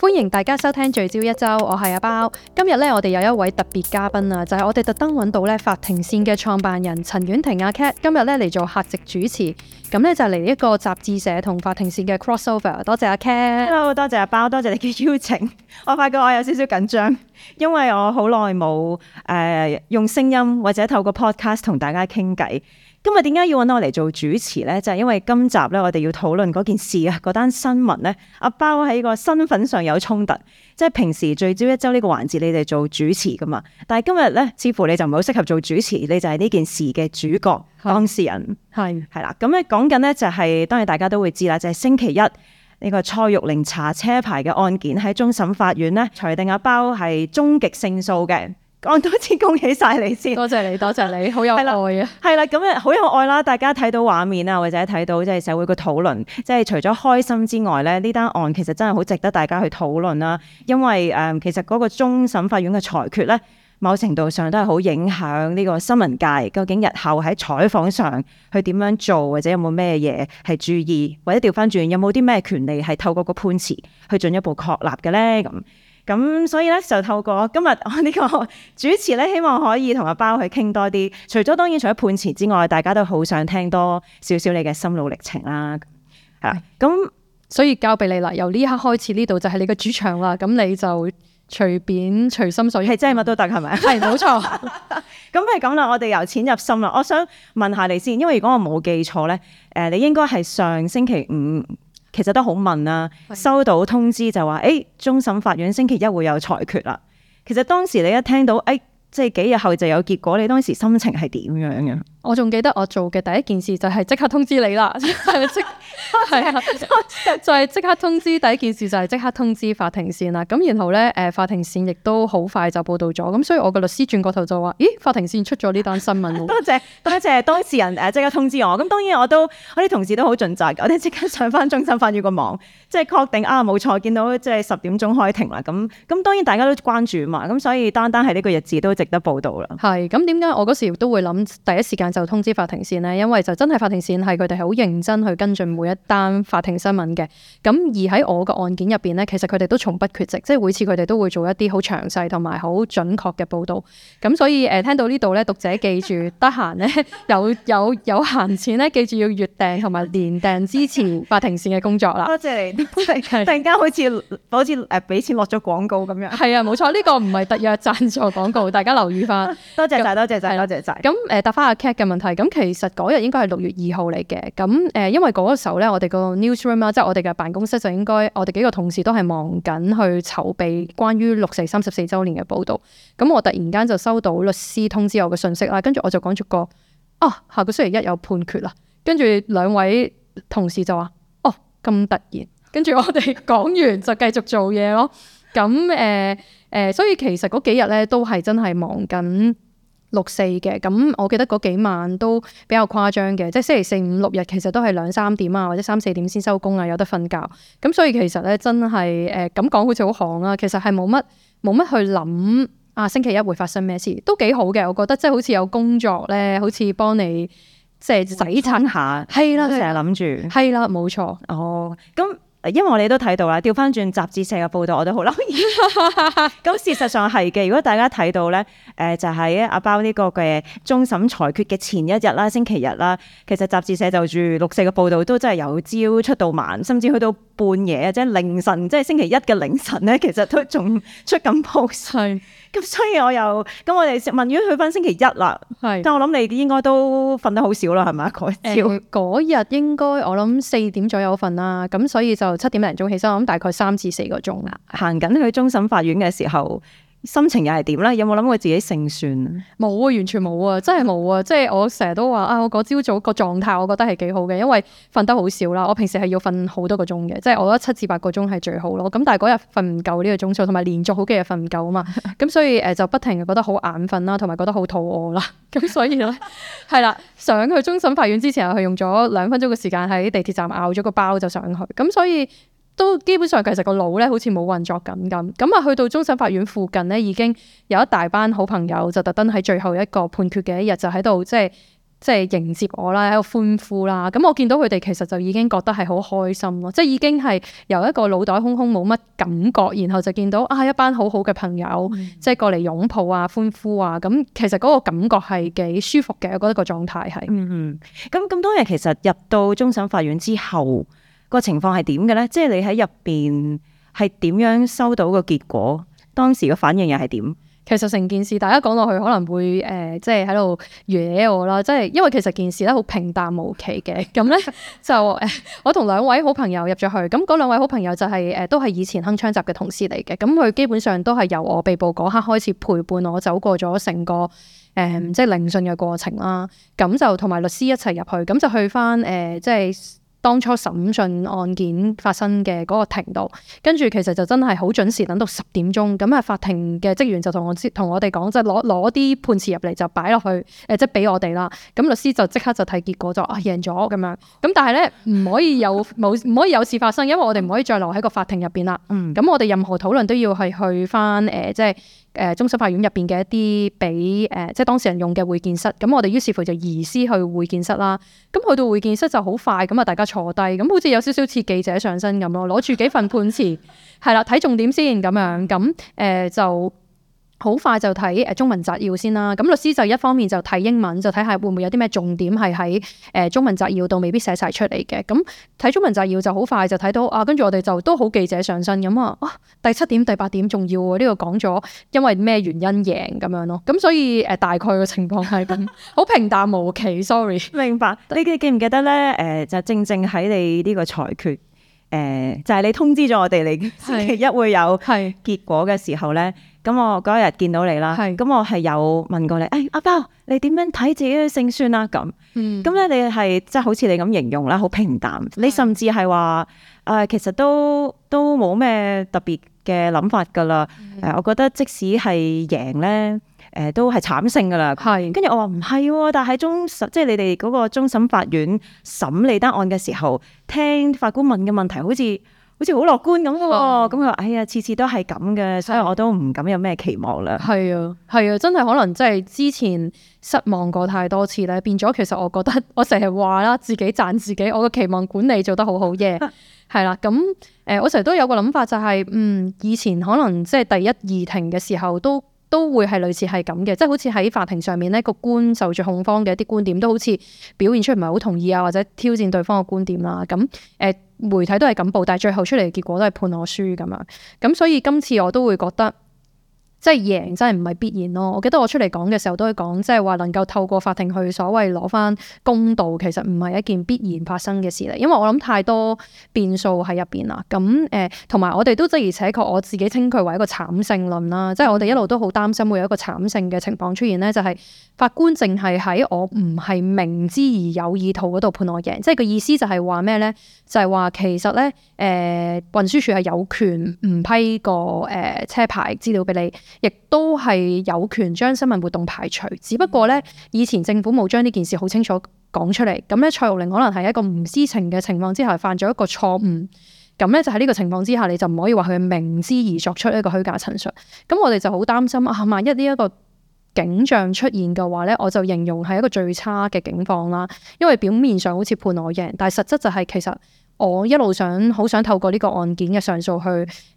歡迎大家收聽聚焦一周，我係阿包。今日咧，我哋有一位特別嘉賓啊，就係、是、我哋特登揾到咧法庭線嘅創辦人陳婉婷阿 Cat，今日咧嚟做客席主持。咁咧就嚟一個集誌社同法庭線嘅 crossover，多謝阿、啊、Cat。Hello，多謝阿包，多謝你嘅邀請。 我發覺我有少少緊張，因為我好耐冇誒用聲音或者透過 podcast 同大家傾偈。今日點解要揾我嚟做主持呢？就係、是、因為今集咧，我哋要討論嗰件事啊，嗰單新聞呢，阿、啊、包喺個身份上有衝突，即係平時聚焦一周呢個環節，你哋做主持噶嘛？但係今日呢，似乎你就唔好適合做主持，你就係呢件事嘅主角、是當事人，系係啦。咁咧講緊咧就係，當然大家都會知啦，就係、是、星期一呢、這個蔡玉玲查車牌嘅案件喺終審法院呢裁定阿、啊、包係終極勝訴嘅。我多次恭喜晒你先，多謝你，多謝你， 好有愛啊！ 係啦，咁啊，好有愛啦！大家睇到畫面啊，或者睇到即係社會嘅討論，即係除咗開心之外咧，呢單案其實真係好值得大家去討論啦。因為誒、呃，其實嗰個終審法院嘅裁決咧，某程度上都係好影響呢個新聞界究竟日後喺採訪上去點樣做，或者有冇咩嘢係注意，或者調翻轉有冇啲咩權利係透過個判詞去進一步確立嘅咧？咁。咁所以咧就透過今日我呢個主持咧，希望可以同阿包去傾多啲。除咗當然除咗判詞之外，大家都好想聽多少少你嘅心路歷程啦。係啦的，咁所以交俾你啦。由呢刻開始，呢度就係你嘅主場啦。咁你就隨便，隨心所欲，係真係乜都得係咪？係冇 錯。咁係咁啦，我哋由淺入深啦。我想問下你先，因為如果我冇記錯咧，誒、呃、你應該係上星期五。其實都好問啦，啊，收到通知就話：誒、欸，終審法院星期一會有裁決啦。其實當時你一聽到，誒、欸，即係幾日後就有結果，你當時心情係點樣嘅？我仲記得我做嘅第一件事就係即刻通知你啦，係啊，就係即刻通知第一件事就係即刻通知法庭線啦。咁然後咧，誒法庭線亦都好快就報道咗。咁所以我個律師轉過頭就話：咦，法庭線出咗呢單新聞喎。 多謝多謝當事人誒，啊，即刻通知我。咁當然我都我啲同事都好盡責，我哋即刻上翻中心翻住個網，即係確定啊冇錯，見到即係十點鐘開庭啦。咁咁當然大家都關注嘛。咁所以單單係呢個日子都值得報道啦。係。咁點解我嗰時都會諗第一時間，就通知法庭線咧，因為就真係法庭線，係佢哋好認真去跟進每一單法庭新聞嘅。咁而喺我個案件入邊呢，其實佢哋都從不缺席，即係每次佢哋都會做一啲好詳細同埋好準確嘅報道。咁所以誒、呃、聽到呢度呢，讀者記住，得閒呢有有有閒錢咧，記住要月訂同埋連訂支持法庭線嘅工作啦。多謝你，突然間好似好似誒俾錢落咗廣告咁樣，係啊，冇錯，呢個唔係特約贊助廣告，大家留意翻 賊、 啊。多謝曬，多謝曬，多謝曬。咁誒搭翻阿。嘅問題咁，其實嗰日應該係六月二號嚟嘅。咁誒，因為嗰個時候咧，我哋個 newsroom 啦，即係我哋嘅辦公室，就應該我哋幾個同事都係忙緊去籌備關於六四三十四週年嘅報導。咁我突然間就收到律師通知我嘅信息啦，跟住我就講出個啊，下個星期一有判決啦。跟住兩位同事就話：哦、啊，咁突然。跟住我哋講完就繼續做嘢咯。咁誒誒，所以其實嗰幾日咧都係真係忙緊。六四嘅，咁我記得嗰幾晚都比較誇張嘅，即係星期四五六日其實都係兩三點啊，或者三四點先收工啊，有得瞓覺。咁所以其實咧真係誒咁講好似好行啦，其實係冇乜冇乜去諗啊，星期一會發生咩事，都幾好嘅，我覺得即係好似有工作咧，好似幫你即係洗襯下，係澡啦，成日諗住，係啦，冇錯，哦，咁。因為我哋都睇到啦，調翻轉集誌社嘅報道我都好留意。咁 事實上係嘅，如果大家睇到咧，誒、呃、就喺阿包呢個嘅終審裁決嘅前一日啦，星期日啦，其實集誌社就住六四嘅報道都真係由朝出到晚，甚至去到半夜，即係凌晨，即係星期一嘅凌晨咧，其實都仲出緊 post。咁所以我又，咁我哋問完佢返星期一啦，係是，但我諗你應該都瞓得好少啦，係咪？嗰朝日應該我諗四點左右瞓啦，咁所以就七點零鐘起身，我諗大概三至四個鐘啦。行緊去終審法院嘅時候。心情又係點咧？有冇諗過自己勝算？冇啊，完全冇啊，真係冇啊！ 即係我成日都話啊，我嗰朝早個狀態，我覺得係幾好嘅，因為瞓得好少啦。我平時係要瞓好多個鐘嘅，即係我覺得七至八個鐘係最好咯。咁但係嗰日瞓唔夠呢個鐘數，同埋連續好幾日瞓唔夠啊嘛。咁 所以誒、呃，就不停覺得好眼瞓啦，同埋覺得好肚餓啦。咁 所以咧，係啦，上去終審法院之前，係用咗兩分鐘嘅時間喺地鐵站咬咗個包就上去。咁、嗯、所以。都基本上其實個腦咧好似冇運作緊咁，咁啊去到終審法院附近咧已經有一大班好朋友就特登喺最後一個判決嘅一日就喺度即係即係迎接我啦，喺度歡呼啦。咁我見到佢哋其實就已經覺得係好開心咯，即係已經係由一個腦袋空空冇乜感覺，然後就見到啊一班好好嘅朋友即係過嚟擁抱啊、歡呼啊。咁其實嗰個感覺係幾舒服嘅，我覺得個狀態係嗯嗯。咁咁多日其實入到終審法院之後。個情況係點嘅呢？即係你喺入邊係點樣收到個結果？當時個反應又係點？其實成件事大家講落去，可能會誒、呃，即係喺度惹我啦。即係因為其實件事咧好平淡無奇嘅。咁呢， 就誒，我同兩位好朋友入咗去。咁嗰兩位好朋友就係、是、誒、呃，都係以前鏗鏘集嘅同事嚟嘅。咁佢基本上都係由我被捕嗰刻開始陪伴我走過咗成個誒、呃，即係聆訊嘅過程啦。咁就同埋律師一齊入去，咁就去返誒、呃，即係。當初審訊案件發生嘅嗰個庭度，跟住其實就真係好準時，等到十點鐘，咁啊法庭嘅職員就同我同我哋講，即係攞攞啲判詞入嚟就擺落去，誒即係俾我哋啦。咁律師就即刻就睇結果，就、啊、贏咗咁樣。咁但係咧唔可以有冇唔 可以有事發生，因為我哋唔可以再留喺個法庭入邊啦。嗯，咁我哋任何討論都要係去返誒、呃，即係。誒，中心法院入邊嘅一啲俾誒，即係當事人用嘅會見室，咁我哋於是乎就移師去會見室啦。咁去到會見室就好快，咁啊大家坐低，咁好似有少少似記者上身咁咯，攞住幾份判詞，係啦，睇重點先咁樣，咁、呃、誒就。好快就睇誒中文摘要先啦，咁律師就一方面就睇英文，就睇下會唔會有啲咩重點係喺誒中文摘要度未必寫晒出嚟嘅。咁睇中文摘要就好快就睇到啊，跟住我哋就都好記者上身咁啊，第七點，第八點重要喎、啊，呢、呢個講咗因為咩原因贏咁樣咯。咁所以誒、呃、大概個情況係咁，好平淡無奇。Sorry， 明白？你記唔記得咧？誒、呃、就正正喺你呢個裁決誒、呃，就係、是、你通知咗我哋你星期一會有結果嘅時候咧。咁我嗰日見到你啦，咁是我係有問過你，誒、哎、阿包，你點樣睇自己嘅勝算啦、啊？咁，咁咧、嗯、你係即係好似你咁形容啦，好平淡。嗯、你甚至係話，誒、呃、其實都都冇咩特別嘅諗法噶啦。誒、嗯呃，我覺得即使係贏咧，誒、呃、都係慘勝噶啦。係是。跟住我話唔係，但係終審即係你哋嗰個終審法院審理單案嘅時候，聽法官問嘅問題好似。好似好樂觀咁喎、哦，咁佢話：哎呀，次次都係咁嘅，所以我都唔敢有咩期望啦。係啊，係啊，真係可能真係之前失望過太多次啦，變咗其實我覺得我成日話啦，自己讚自己，我個期望管理做得好好嘢。係啦、 啊。咁誒、呃，我成日都有個諗法就係、是，嗯，以前可能即係第一二庭嘅時候都。都會係類似係咁嘅，即係好似喺法庭上面呢個官受住控方嘅一啲觀點，都好似表現出唔係好同意啊，或者挑戰對方嘅觀點啦。咁誒、呃，媒體都係咁報，但係最後出嚟嘅結果都係判我輸咁樣。咁所以今次我都會覺得。即係贏，真係唔係必然咯。我記得我出嚟講嘅時候都講，都係講即係話能夠透過法庭去所謂攞翻公道，其實唔係一件必然發生嘅事嚟。因為我諗太多變數喺入邊啦。咁誒，同、呃、埋我哋都即係的而且確，我自己稱佢為一個慘勝論啦。即係我哋一路都好擔心會有一個慘勝嘅情況出現呢，就係、是、法官淨係喺我唔係明知而有意圖嗰度判我贏。即係個意思就係話咩呢？就係、是、話其實呢，誒、呃、運輸署係有權唔批個誒、呃、車牌資料俾你。亦都係有權將新聞活動排除，只不過呢，以前政府冇將呢件事好清楚講出嚟。咁咧，蔡玉玲可能係一個唔知情嘅情況之下犯咗一個錯誤。咁咧就喺呢個情況之下，你就唔可以話佢明知而作出一個虛假陳述。咁我哋就好擔心啊！萬一呢一個景象出現嘅話呢，我就形容係一個最差嘅境況啦。因為表面上好似判我贏，但實質就係其實。我一路想好想透過呢個案件嘅上訴去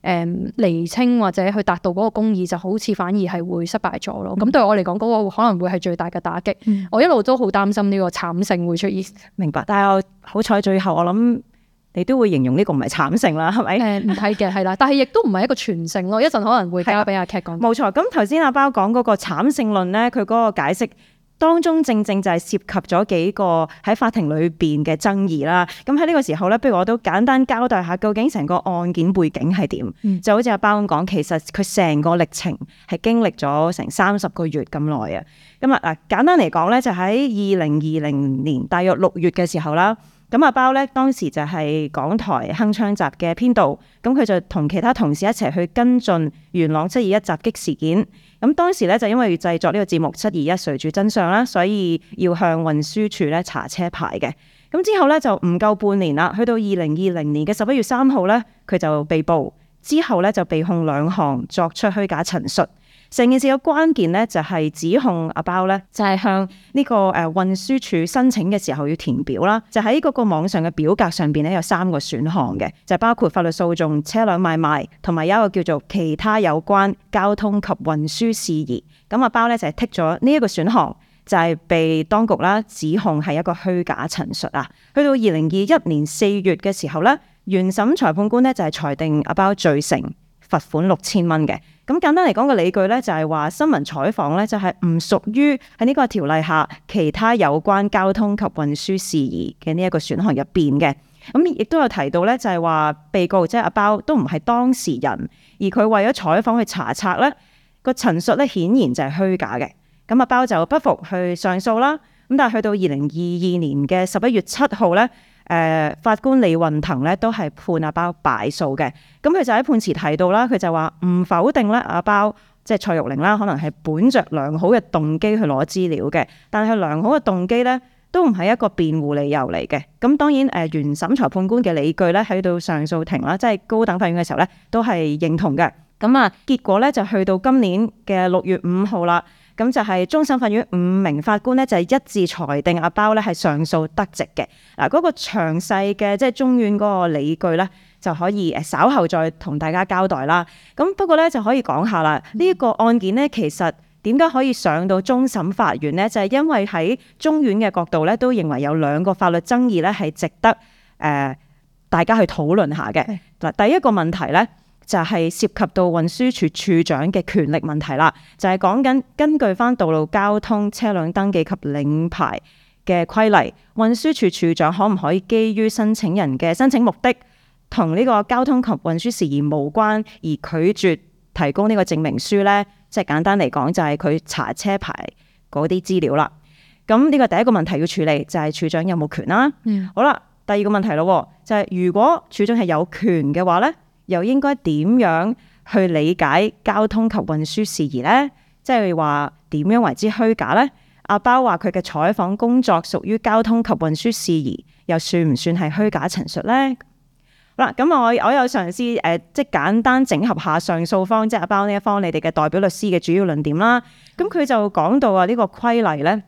誒釐、嗯、清或者去達到嗰個公義，就好似反而係會失敗咗咯。咁、嗯、對我嚟講，嗰、嗰個可能會係最大嘅打擊。嗯、我一路都好擔心呢個慘勝會出現。明白，但係好彩最後我諗你都會形容呢個唔係慘勝啦，係咪？唔係嘅，係啦，但係亦都唔係一個全勝咯。一陣 可能會交俾阿劇講。冇、嗯、錯，咁頭先阿包講嗰個慘勝論咧，佢嗰個解釋。當中正正就係涉及咗幾個喺法庭裏邊嘅爭議啦。咁喺呢個時候咧，不如我都簡單交代下究竟成個案件背景係點。嗯、就好似阿包咁講，其實佢成個歷程係經歷咗成三十個月咁耐啊。咁啊嗱，簡單嚟講咧，就喺二零二零年大約六月嘅時候啦。咁阿包呢，當時就係港台《鏗鏘集》嘅編導，咁佢就同其他同事一齊去跟進元朗七二一襲擊事件。咁當時呢，就因為要製作呢個節目《七二一誰主真相》啦，所以要向運輸處咧查車牌嘅。咁之後呢，就唔夠半年啦，去到二零二零年嘅十一月三號呢，佢就被捕，之後呢，就被控兩項作出虛假陳述。成件事嘅關鍵呢，就係指控阿包呢，就係向呢個誒運輸署申請嘅時候要填表啦。就喺嗰個網上嘅表格上面呢，有三個選項嘅，就包括法律訴訟、車輛買賣，同埋有一個叫做其他有關交通及運輸事宜。咁、嗯、阿包呢，就係剔咗呢一個選項，就係被當局啦指控係一個虛假陳述啊。去到二零二一年四月嘅時候呢，原審裁判官呢，就係裁定阿包罪成。罰款六千蚊嘅，咁簡單嚟講個理據呢，就係話新聞採訪呢，就係唔屬於喺呢個條例下其他有關交通及運輸事宜嘅呢一個選項入邊嘅。咁亦都有提到呢，就係話被告即係阿包都唔係當事人，而佢為咗採訪去查冊呢個陳述呢，顯然就係虛假嘅。咁阿包就不服去上訴啦。咁但係去到二零二二年嘅十一月七號呢，誒、呃、法官李運騰咧都係判阿包敗訴嘅，咁、嗯、佢就喺判詞提到啦，佢就話唔否定咧阿包即係蔡玉玲啦，可能係本着良好嘅動機去攞資料嘅，但係良好嘅動機呢，都唔係一個辯護理由嚟嘅。咁、嗯、當然誒原、呃、審裁判官嘅理據呢，喺到上訴庭啦，即係高等法院嘅時候呢，都係認同嘅。咁啊結果呢，就去到今年嘅六月五號啦。咁就係終審法院五名法官呢，就係、是、一致裁定阿包呢係上訴得直嘅。嗱、啊，嗰、這個詳細嘅即係中院嗰個理據呢，就可以誒稍後再同大家交代啦。咁不過呢，就可以講下啦。呢、這、一個案件呢，其實點解可以上到終審法院呢？就係、是、因為喺中院嘅角度呢，都認為有兩個法律爭議呢係值得誒、呃、大家去討論下嘅。嗱是，第一個問題呢。就係涉及到運輸處處長嘅權力問題啦，就係講緊根據翻道路交通車輛登記及領牌嘅規例，運輸處處長可唔可以基於申請人嘅申請目的同呢個交通及運輸事宜無關而拒絕提供呢個證明書呢？即係簡單嚟講，就係佢查車牌嗰啲資料啦。咁呢個第一個問題要處理就係處長有冇權啦。嗯、好啦，第二個問題咯，就係、是、如果處長係有權嘅話呢，又應該點樣去理解交通及運輸事宜呢？即係話點樣為之虛假呢？阿包話佢嘅採訪工作屬於交通及運輸事宜，又算唔算係虛假陳述呢？好啦，咁我我有嘗試誒、呃，即係簡單整合下上訴方即係阿包呢一方，你哋嘅代表律師嘅主要論點啦。咁佢就講到啊，呢個規例呢，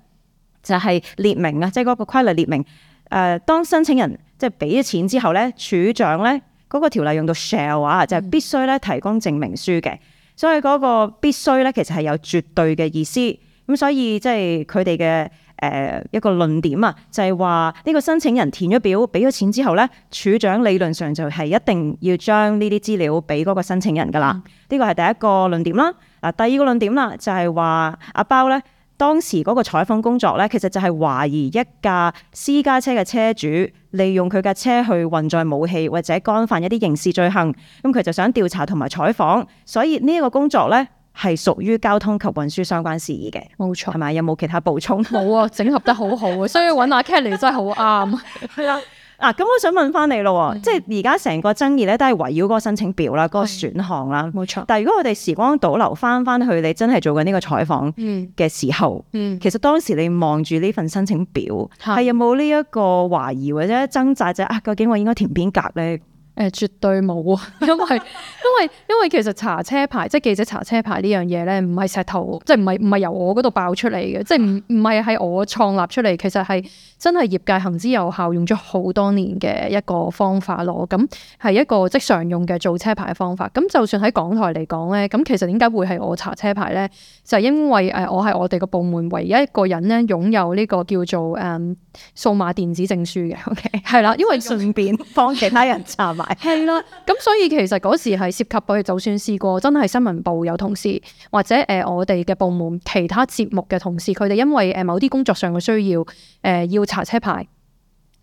就係列明啊，即係嗰個規例列明誒、呃，當申請人即係俾咗錢之後呢，署長呢。嗰個條例用到 shall 啊，就係必須咧提供證明書嘅，所以嗰個必須咧其實係有絕對嘅意思，咁所以即係佢哋嘅誒一個論點啊，就係話呢個申請人填咗表俾咗錢之後咧，處長理論上就係一定要將呢啲資料俾嗰個申請人㗎喇，呢個係第一個論點啦。嗱，第二個論點啦，就係話阿包咧。當時嗰個採訪工作呢，其實就係懷疑一架私家車嘅車主利用佢架車去運載武器或者干犯一啲刑事罪行，咁佢就想調查同埋採訪，所以呢一個工作呢，係屬於交通及運輸相關事宜嘅，冇錯，係咪？有冇其他補充？冇啊，整合得好好啊，所以揾阿 Kelly 真係好啱，係啊。嗱，咁、啊、我想問翻你咯，嗯、即係而家成個爭議咧都係圍繞嗰個申請表啦，嗰、嗯、個選項啦。冇錯。但係如果我哋時光倒流翻翻去你真係做緊呢個採訪嘅時候，嗯嗯、其實當時你望住呢份申請表係、嗯、有冇呢一個懷疑或者掙扎者啊，究竟我應該填邊格咧？誒、呃、絕對冇啊！因為 因為因為其實查車牌，即係記者查車牌呢樣嘢咧，唔係石頭，即係唔係唔係由我嗰度爆出嚟嘅，啊、即係唔唔係係我創立出嚟。其實係真係業界行之有效，用咗好多年嘅一個方法咯。咁係一個即常用嘅做車牌嘅方法。咁就算喺港台嚟講咧，咁其實點解會係我查車牌咧？就係、係、因為誒，我係我哋個部門唯一一個人咧擁有呢個叫做誒、嗯、數碼電子證書嘅。O K 係啦，因為順便幫其他人查 係啦，咁所以其實嗰時係涉及到，就算試過真係新聞部有同事，或者誒我哋嘅部門其他節目嘅同事，佢哋因為誒某啲工作上嘅需要，誒要查車牌，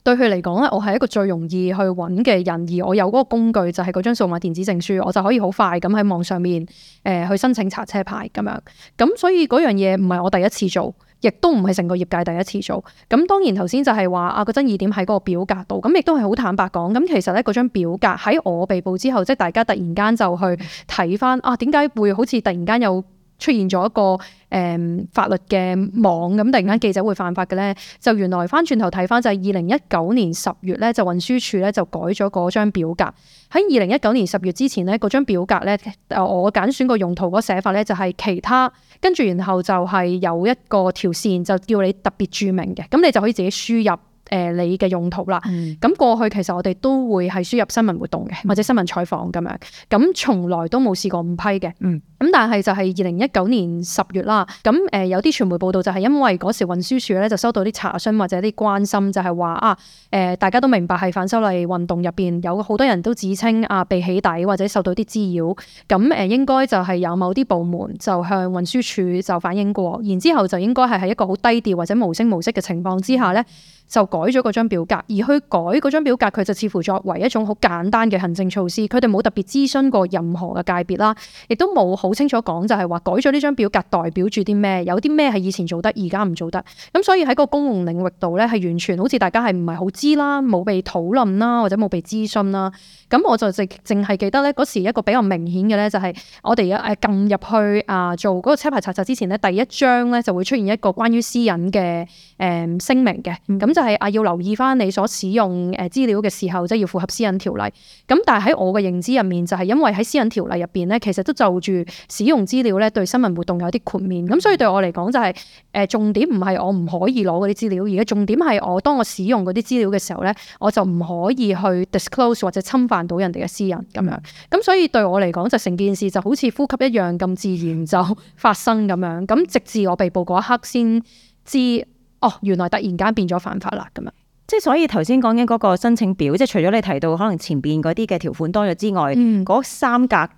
對佢嚟講咧，我係一個最容易去揾嘅人，而我有嗰個工具就係嗰張數碼電子證書，我就可以好快咁喺網上面誒去申請查車牌咁樣，咁所以嗰樣嘢唔係我第一次做。亦都唔係成個業界第一次做，咁當然頭先就係話啊個爭議點喺嗰個表格度，咁亦都係好坦白講，咁其實呢嗰張表格喺我被捕之後，即係大家突然間就去睇翻啊，點解會好似突然間有。出現咗一個誒、嗯、法律嘅網咁，突然間記者會犯法嘅咧，就原來翻轉頭睇翻就係二零一九年十月咧，就運輸署咧就改咗嗰張表格。喺二零一九年十月之前咧，嗰張表格咧，誒我揀選個用途嗰寫法咧就係其他，跟住然後就係有一個條線就叫你特別註明嘅，咁你就可以自己輸入。誒、呃、你嘅用途啦，咁、嗯、過去其實我哋都會係輸入新聞活動嘅，或者新聞採訪咁樣，咁從來都冇試過唔批嘅。咁、嗯、但係就係二零一九年十月啦，咁、呃、誒有啲傳媒報道就係因為嗰時運輸署咧就收到啲查詢或者啲關心，就係、是、話啊誒、呃、大家都明白係反修例運動入邊有好多人都指稱啊被起底或者受到啲滋擾，咁、呃、誒應該就係有某啲部門就向運輸署就反映過，然之後就應該係喺一個好低調或者無聲無息嘅情況之下咧就改咗嗰張表格，而去改嗰張表格，佢就似乎作為一種好簡單嘅行政措施。佢哋冇特別諮詢過任何嘅界別啦，亦都冇好清楚講就係話改咗呢張表格代表住啲咩，有啲咩係以前做得而家唔做得。咁所以喺個公共領域度咧，係完全好似大家係唔係好知啦，冇被討論啦，或者冇被諮詢啦。咁我就淨淨係記得咧，嗰時一個比較明顯嘅咧，就係我哋誒撳入去啊做嗰個車牌查冊之前咧，第一張咧就會出現一個關於私隱嘅誒聲明嘅，咁就係、是。要留意翻你所使用誒資料嘅時候，即係要符合私隱條例。咁但係喺我嘅認知入面，就係因為喺私隱條例入邊咧，其實都就住使用資料咧，對新聞活動有啲豁免。咁所以對我嚟講，就係誒重點唔係我唔可以攞嗰啲資料，而家重點係我當我使用嗰啲資料嘅時候咧，我就唔可以去 disclose 或者侵犯到人哋嘅私隱咁樣。咁所以對我嚟講，就成件事就好似呼吸一樣咁自然就發生咁樣。咁直至我被捕嗰一刻先知。哦，原來突然間變咗犯法啦，咁樣，即係所以頭先講緊嗰個申請表，即係除咗你提到可能前邊嗰啲嘅條款多咗之外，嗰三格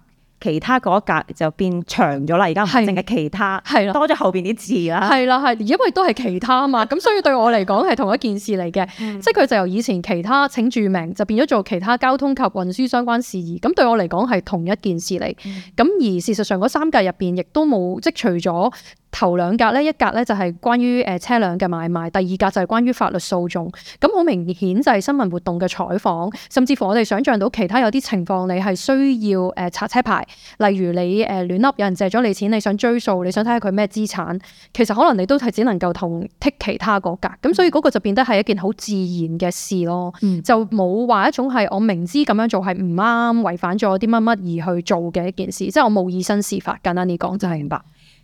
其他嗰格就變長咗啦，而家唔係淨係其他係啦，多咗後邊啲字啦，係啦係，因為都係其他嘛，咁所以對我嚟講係同一件事嚟嘅，即係佢就由以前其他請註明就變咗做其他交通及運輸相關事宜，咁對我嚟講係同一件事嚟，咁而事實上嗰三格入邊亦都冇即除咗。頭兩格咧，一格咧就係關於誒車輛嘅買賣，第二格就係關於法律訴訟。咁好明顯就係新聞活動嘅採訪，甚至乎我哋想象到其他有啲情況，你係需要誒拆車牌，例如你誒亂凹，有人借咗你錢，你想追訴，你想睇下佢咩資產。其實可能你都係只能夠同剔其他嗰格。咁所以嗰個就變得係一件好自然嘅事咯，嗯、就冇話一種係我明知咁樣做係唔啱，違反咗啲乜乜而去做嘅一件事。即係我冇以身試法，簡單啲講就係明白。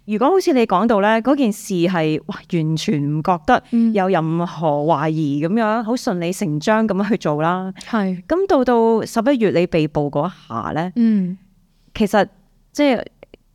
如果好似你講到咧，嗰件事係完全唔覺得有任何懷疑咁樣，好、嗯、順理成章咁去做啦。係，咁到到十一月你被捕嗰下咧，嗯、其實即係。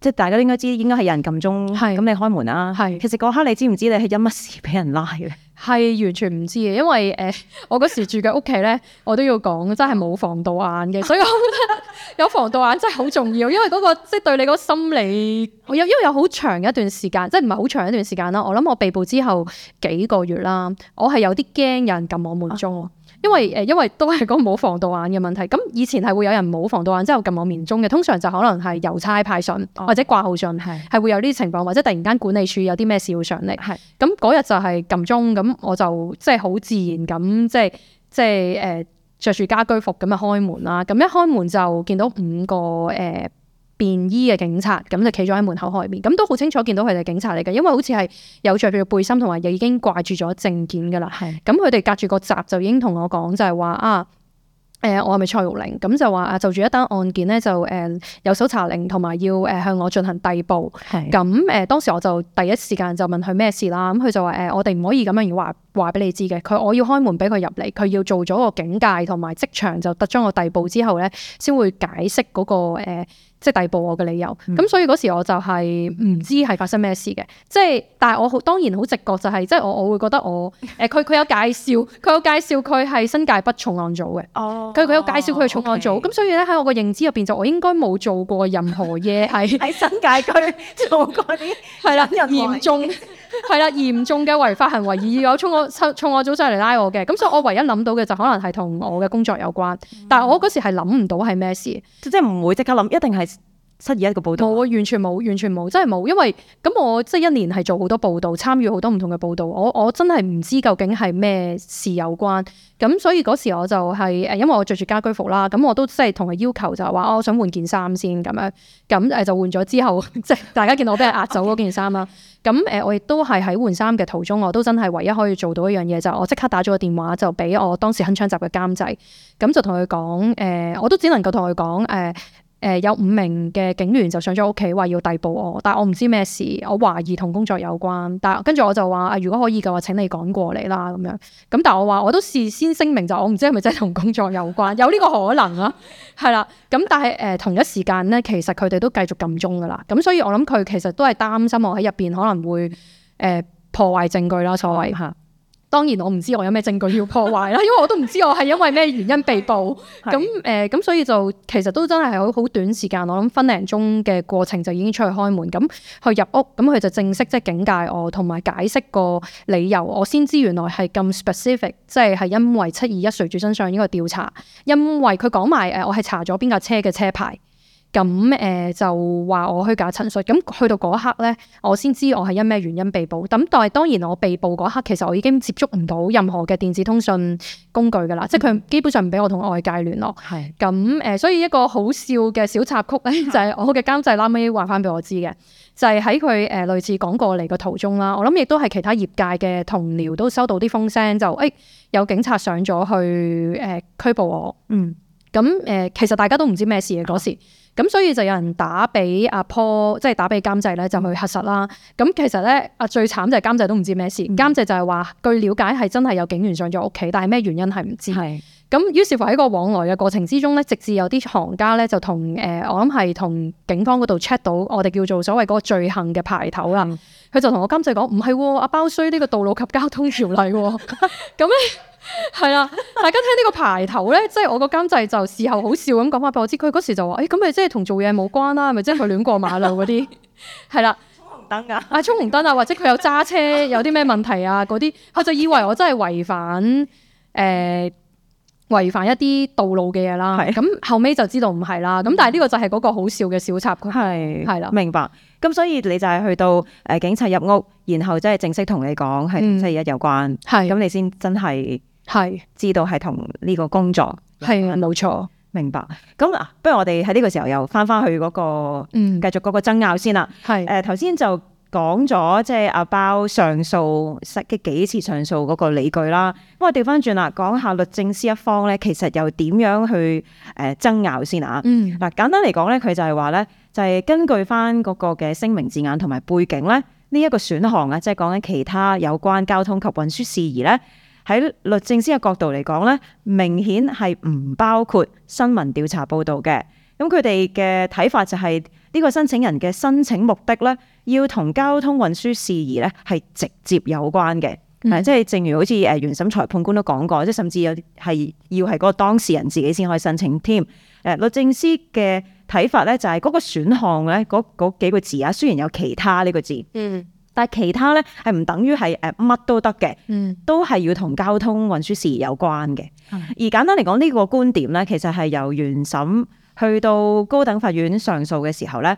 即係大家應該知，應該係有人撳鐘，咁是你開門啦。是其實嗰刻你知唔知你係因乜事俾人拉嘅？係完全唔知嘅，因為誒、呃，我嗰時住嘅屋企咧， 我都要講，真係冇防盜眼嘅，所以我覺得有防盜眼真係好重要，因為嗰、那個即係、就是、對你個心理，因 因為有好長一段時間，即係唔係好長一段時間啦。我諗我被捕之後幾個月啦，我係有啲驚有人撳我門鐘。啊。因為誒，因為都係個冇防盜眼嘅問題。咁以前係會有人冇防盜眼之後撳我面鐘嘅，通常就可能係郵差派信或者掛號信，係係會有呢啲情況，或者突然間管理處有啲咩事要上嚟。係咁，嗰日就係撳鐘，咁我就即係好自然咁，即係即係誒、呃、着住家居服咁啊開門啦。咁一開門就見到五個誒。呃便衣嘅警察，咁就企咗喺門口外面，咁都好清楚見到佢哋警察嚟嘅，因為好似係有着佢嘅背心，同埋又已經掛住咗證件噶啦。係是，咁佢哋隔住個閘就已經同我講就係話啊，誒、呃，我係咪蔡玉玲？咁就話啊，就住一單案件咧，就、呃、誒有搜查令，同埋要誒向我進行逮捕。係是，咁誒、呃、當時我就第一時間就問佢咩事啦。咁佢就話誒、呃，我哋唔可以咁樣而話話俾你知嘅。佢我要開門俾佢入嚟，佢要做咗個警戒同埋即場就突將我逮捕之後咧，先會解釋嗰、那個、呃呃即係逮捕我嘅理由，咁、嗯、所以嗰時我就係唔知係發生咩事嘅，即係但係我好當然好直覺就係、是，即係我我會覺得我誒佢佢有介紹，佢有介紹佢係新界北重案組嘅，佢佢、哦、有介紹佢係重案組，咁、哦 okay、所以咧喺我個認知入邊就我應該冇做過任何嘢喺喺新界區做過啲係啦，嚴重。 係啦， 嚴重嘅違法行為，而要有衝我、衝衝我組長嚟拉我嘅，咁所以我唯一諗到嘅就可能係同我嘅工作有關，但係我嗰時係諗唔到係咩事，嗯、即係唔會即刻諗，一定係。七二一個報道，冇，完全冇，完全冇，真係冇。因為咁我即係一年係做好多報道，參與好多唔同嘅報道。我我真係唔知究竟係咩事有關。咁所以嗰時我就係、是、誒，因為我着住家居服啦，咁我都即係同佢要求就係話，我想換件衫先咁樣。咁誒就換咗之後，即係大家見到我俾人壓走嗰件衫啦。咁誒 Okay. 我亦都係喺換衫嘅途中，我都真係唯一可以做到一樣嘢，就是、我即刻打咗個電話就俾我當時鏗鏘集嘅監製，咁就同佢講誒、呃，我都只能夠同佢講誒。呃呃呃呃呃呃呃誒、呃、有五名嘅警員就上咗屋企話要逮捕我，但我唔知咩事，我懷疑同工作有關。但跟住我就話：啊，如果可以嘅話，請你趕過嚟啦咁樣。咁但係我話我都事先聲明，就我唔知係咪真係同工作有關，有呢個可能啦、啊。係 啦，咁但係誒、呃、同一時間咧，其實佢哋都繼續撳鐘㗎啦。咁所以我諗佢其實都係擔心我喺入邊可能會誒、呃、破壞證據啦，所謂吓。當然我唔知我有咩證據要破壞啦， 因為我都唔知我係因為咩原因被捕。咁，誒，咁所以就其實都真係好好短時間，我諗分零鐘嘅過程就已經出去開門，咁去入屋，咁佢就正式即係警戒我，同埋解釋個理由。我先知原來係咁 specific，即係係因為七二一隨住身上應該調查，因為佢講埋誒，我係查咗邊架車嘅車牌。咁誒、嗯、就話我虛假陳述，咁去到嗰刻咧，我先知我係因咩原因被捕。咁但係當然我被捕嗰刻，其實我已經接觸唔到任何嘅電子通訊工具㗎啦，嗯、即係佢基本上唔俾我同外界聯絡。係咁誒，所以一個好笑嘅小插曲咧， 就係我嘅監製拉尾話翻俾我知嘅，就係喺佢誒類似講過嚟嘅途中啦。我諗亦都係其他業界嘅同僚都收到啲風聲，就誒、哎、有警察上咗去誒、呃、拘捕我。嗯，咁、嗯、誒、嗯、其實大家都唔知咩事嘅嗰時 咁所以就有人打俾阿 Paul，即係打俾監製咧，就去核實啦。咁其實咧，啊最慘就係監製都唔知咩事。嗯、監製就係話，據了解係真係有警員上咗屋企，但係咩原因係唔知。咁是於是乎喺個往來嘅過程之中咧，直至有啲行家咧就同誒、呃，我諗係同警方嗰度 check 到我哋叫做所謂嗰個罪行嘅牌頭啦。佢、嗯、就同我監製講：唔係、嗯，阿、啊、包衰呢個道路及交通條例、啊。咁咧。 係啦， 大家聽呢個排頭咧，即係我個監製就事後好笑咁講話俾我知，佢嗰時就話：誒、欸，咁咪即係同做嘢冇關啦，係咪？即係佢亂過馬路嗰啲，係啦。衝紅燈噶，啊衝紅燈啊，或者佢有揸車有啲咩問題啊，嗰啲，佢就以為我真係違反誒違、呃、反一啲道路嘅嘢啦。係咁後尾就知道唔係啦。咁但係呢個就係嗰個好笑嘅小插曲，係係啦，的明白。咁所以你就係去到誒警察入屋，然後即係正式同你講係七二一有關，係咁、嗯、你先真係。係是知道係同呢個工作係啊，冇錯，明白。咁啊，不如我哋喺呢個時候又翻翻去嗰個嗯，繼續嗰個爭拗先啦。係誒，頭先就講咗即係阿包上訴嘅幾次上訴嗰個理據啦。咁我調翻轉啦，講下律政司一方咧，其實又點樣去誒爭拗先啊？嗯，嗱，簡單嚟講咧，佢就係話咧，就係根據翻嗰個嘅聲明字眼同埋背景咧，呢、這、一個選項啊，即係講緊其他有關交通及運輸事宜咧。喺律政司嘅角度嚟講咧，明顯係唔包括新聞調查報導嘅。咁佢哋嘅睇法就係呢個申請人嘅申請目的咧，要同交通運輸事宜咧係直接有關嘅。誒、嗯，即係正如好似誒原審裁判官都講過，即係甚至有係要係嗰個當事人自己先可以申請添。誒，律政司嘅睇法咧就係嗰個選項咧，嗰嗰幾個字啊，雖然有其他呢個字。嗯。但係其他咧係唔等於係誒乜都得嘅，嗯、都係要同交通運輸事宜有關嘅。嗯、而簡單嚟講，呢、呢個觀點咧，其實係由原審去到高等法院上訴嘅時候咧，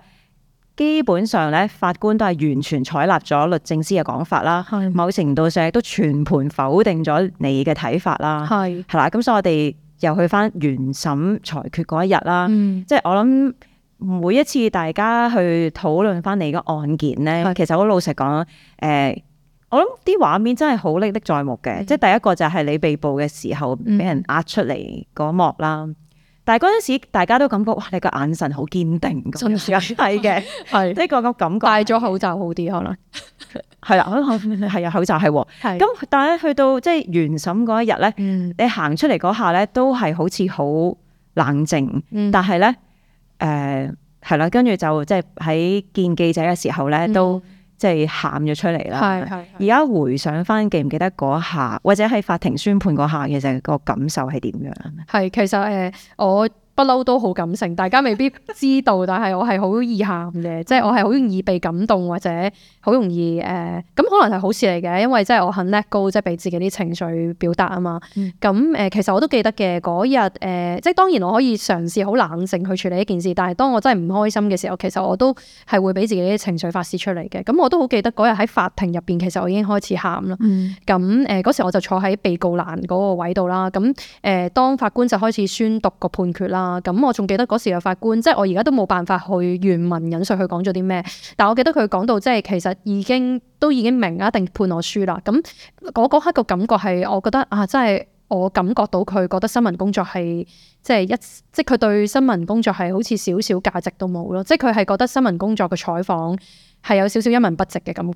基本上咧法官都係完全採納咗律政司嘅講法啦，是的 某程度上亦都全盤否定咗你嘅睇法啦。係係啦，咁所以我哋又去翻原審裁決嗰一日啦，嗯、即係我諗。每一次大家去討論翻你個案件咧，是的 其實好老實講，誒、欸，我諗啲畫面真係好歷歷在目嘅。即係、嗯、第一個就係你被捕嘅時候，俾人壓出嚟嗰一幕啦。但係嗰陣時大家都感覺哇，你個眼神好堅定咁樣，係嘅、嗯，係呢個個感覺，戴咗口罩好啲可能係啦，係啊，口罩係喎、嗯。咁但係去到即係原審嗰一日咧，嗯、你行出嚟嗰下咧，都係好似好冷靜，但係咧。誒係啦，跟住就即係喺見記者嘅時候咧，都即係喊咗出嚟啦。係係。而家回想翻，記唔記得嗰下，或者喺法庭宣判嗰下嘅時候個感受係點樣？係其實誒、呃、我，不嬲都好感性，大家未必知道，但係我係好易喊嘅，即係 我係好容易被感動或者好容易誒，咁、呃、可能係好事嚟嘅，因為即係我很 let go，即係俾自己啲情緒表達啊嘛。咁誒、嗯呃，其實我都記得嘅嗰日誒，即係當然我可以嘗試好冷靜去處理一件事，但係當我真係唔開心嘅時候，其實我都係會俾自己啲情緒發洩出嚟嘅。咁我都好記得嗰日喺法庭入邊，其實我已經開始喊啦。咁誒、嗯，嗰、呃、時我就坐喺被告欄嗰個位度啦。咁誒，當法官就開始宣讀個判決啦。啊，咁我仲記得嗰時嘅法官，即係我而家都冇辦法去原文引述佢講咗啲咩，但我記得佢講到即係其實已經都已經明一定判我輸啦。咁嗰刻個感覺係，我覺得啊，真係我感覺到佢覺得新聞工作係即係一，即係佢對新聞工作係好似少少價值都冇咯，即係佢係覺得新聞工作嘅採訪係有少少一文不值嘅感覺。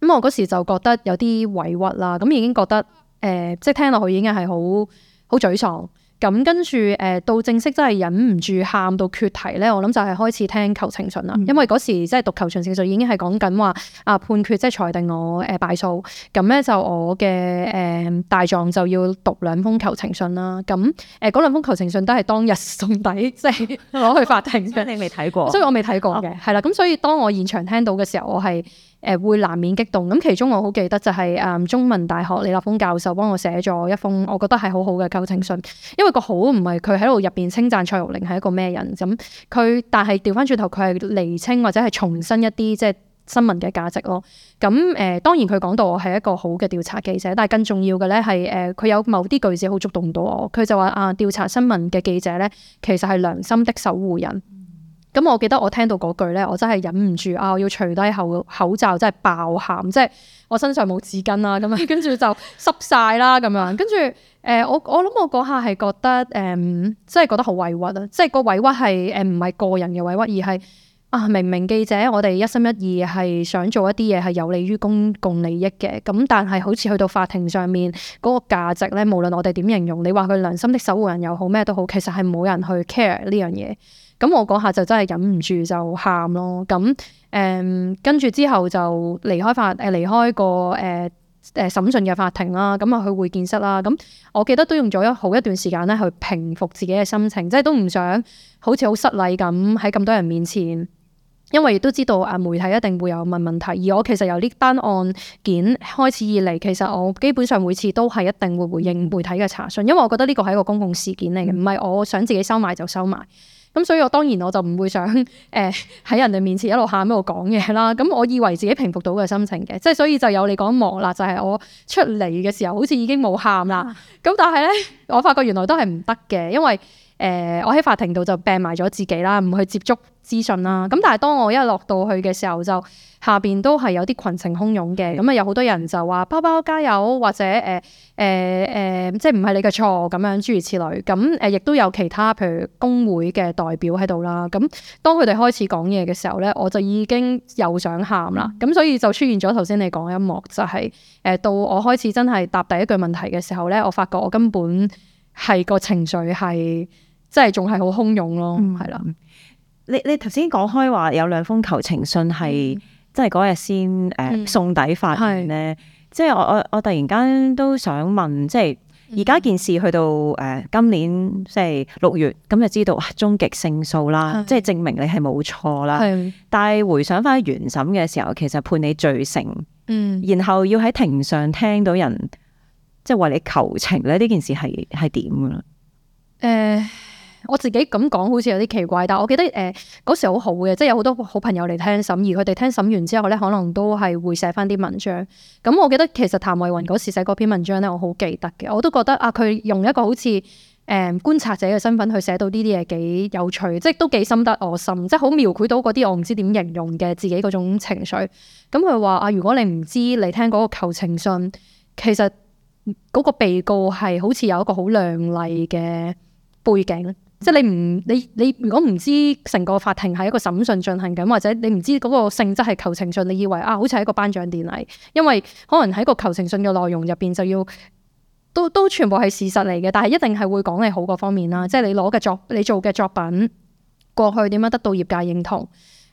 咁我嗰時就覺得有啲委屈啦，咁已經覺得誒、呃，即係聽落去已經係好好沮喪。咁跟住誒、呃、到正式真係忍唔住喊到決堤咧，我諗就係開始聽求情信啦。嗯、因為嗰時即係讀求情信已經係講緊話啊判決即係裁定我誒敗訴，咁咧就我嘅誒、呃、大狀就要讀兩封求情信啦。咁誒嗰兩封求情信都係當日送底，即係攞去法庭。 你未睇過，所以我未睇過嘅，係啦、哦。咁所以當我現場聽到嘅時候，我係。誒會難免激動，咁其中我好記得就係誒中文大學李立峰教授幫我寫咗一封我覺得係好好嘅求情信，因為個好唔係佢喺度入邊稱讚蔡玉玲係一個咩人，咁佢但係調返轉頭佢係釐清或者係重申一啲即係新聞嘅價值咯。咁誒當然佢講到我係一個好嘅調查記者，但係更重要嘅咧係誒佢有某啲句子好觸動到我，佢就話啊調查新聞嘅記者咧其實係良心的守護人。咁我記得我聽到嗰句咧，我真係忍唔住啊！我要除低口口罩，真係爆喊，即係我身上冇紙巾啦，咁啊，跟住就濕晒啦，咁樣跟住，誒、呃，我我諗我嗰下係覺得，誒、嗯，即係覺得好委屈啊！即係個委屈係誒唔係個人嘅委屈，而係啊，明明記者我哋一心一意係想做一啲嘢係有利於公共利益嘅，咁但係好似去到法庭上面嗰個價值咧，無論我哋點形容，你話佢良心的守護人又好咩都好，其實係冇人去 care 呢樣嘢。咁我嗰下就真係忍唔住就喊咯，咁誒跟住之後就離開法誒、呃、離開個誒誒、呃、審訊嘅法庭啦，咁、嗯、啊去會見室啦，咁、嗯、我記得都用咗一好一段時間咧去平復自己嘅心情，即係都唔想好似好失禮咁喺咁多人面前，因為亦都知道啊媒體一定會有問問題，而我其實由呢單案件開始以嚟，其實我基本上每次都係一定會回應媒體嘅查詢，因為我覺得呢個係一個公共事件嚟嘅，唔係我想自己收買就收買。咁所以我當然我就唔會想誒喺人哋面前一路喊一路講嘢啦。咁我以為自己平復到嘅心情嘅，即係所以就有你講忙啦，就係、是、我出嚟嘅時候好似已經冇喊啦。咁但係咧，我發覺原來都係唔得嘅，因為。誒、呃，我喺法庭度就病埋咗自己啦，唔去接觸資訊啦。咁但係當我一落到去嘅時候，就下邊都係有啲群情洶湧嘅，咁啊有好多人就話包包加油，或者誒誒誒，即係唔係你嘅錯咁樣諸如此類。咁誒、呃、亦都有其他譬如工會嘅代表喺度啦。咁當佢哋開始講嘢嘅時候咧，我就已經又想喊啦。咁所以就出現咗頭先你講嘅一幕，就係、是、誒、呃、到我開始真係答第一句問題嘅時候咧，我發覺我根本係個情緒係。即係仲係好洶湧咯，係、嗯、啦。你你頭先講開話有兩封求情信係、呃，即係嗰日先誒送底法院咧。是即係我我我突然間都想問，即係而家件事去到誒、呃、今年即係六月，咁就知道終極勝訴啦，是即係證明你係冇錯啦。是但係回想翻原審嘅時候，其實判你罪成，嗯、然後要喺庭上聽到人即係話你求情咧，呢件事係係點噶誒。呃我自己咁講好似有啲奇怪，但我記得誒嗰、呃、時好好嘅，即係有好多好朋友嚟聽審，而佢哋聽審完之後咧，可能都係會寫翻啲文章。咁我記得其實譚慧雲嗰時寫嗰篇文章咧，我好記得嘅，我都覺得啊，佢用一個好似誒、呃、觀察者嘅身份去寫到呢啲嘢幾有趣，即係都幾深得我心，即係好描繪到嗰啲我唔知點形容嘅自己嗰種情緒。咁佢話啊，如果你唔知你聽嗰個求情信，其實嗰個被告係好似有一個好亮麗嘅背景。即係你唔你你如果唔知成個法庭係一個審訊進行緊，或者你唔知嗰個性質係求情信，你以為啊，好似係一個頒獎典禮，因為可能喺個求情信嘅內容入邊就要都都全部係事實嚟嘅，但係一定係會講你好嗰方面啦，即係你攞嘅作你做嘅作品過去點樣得到業界認同。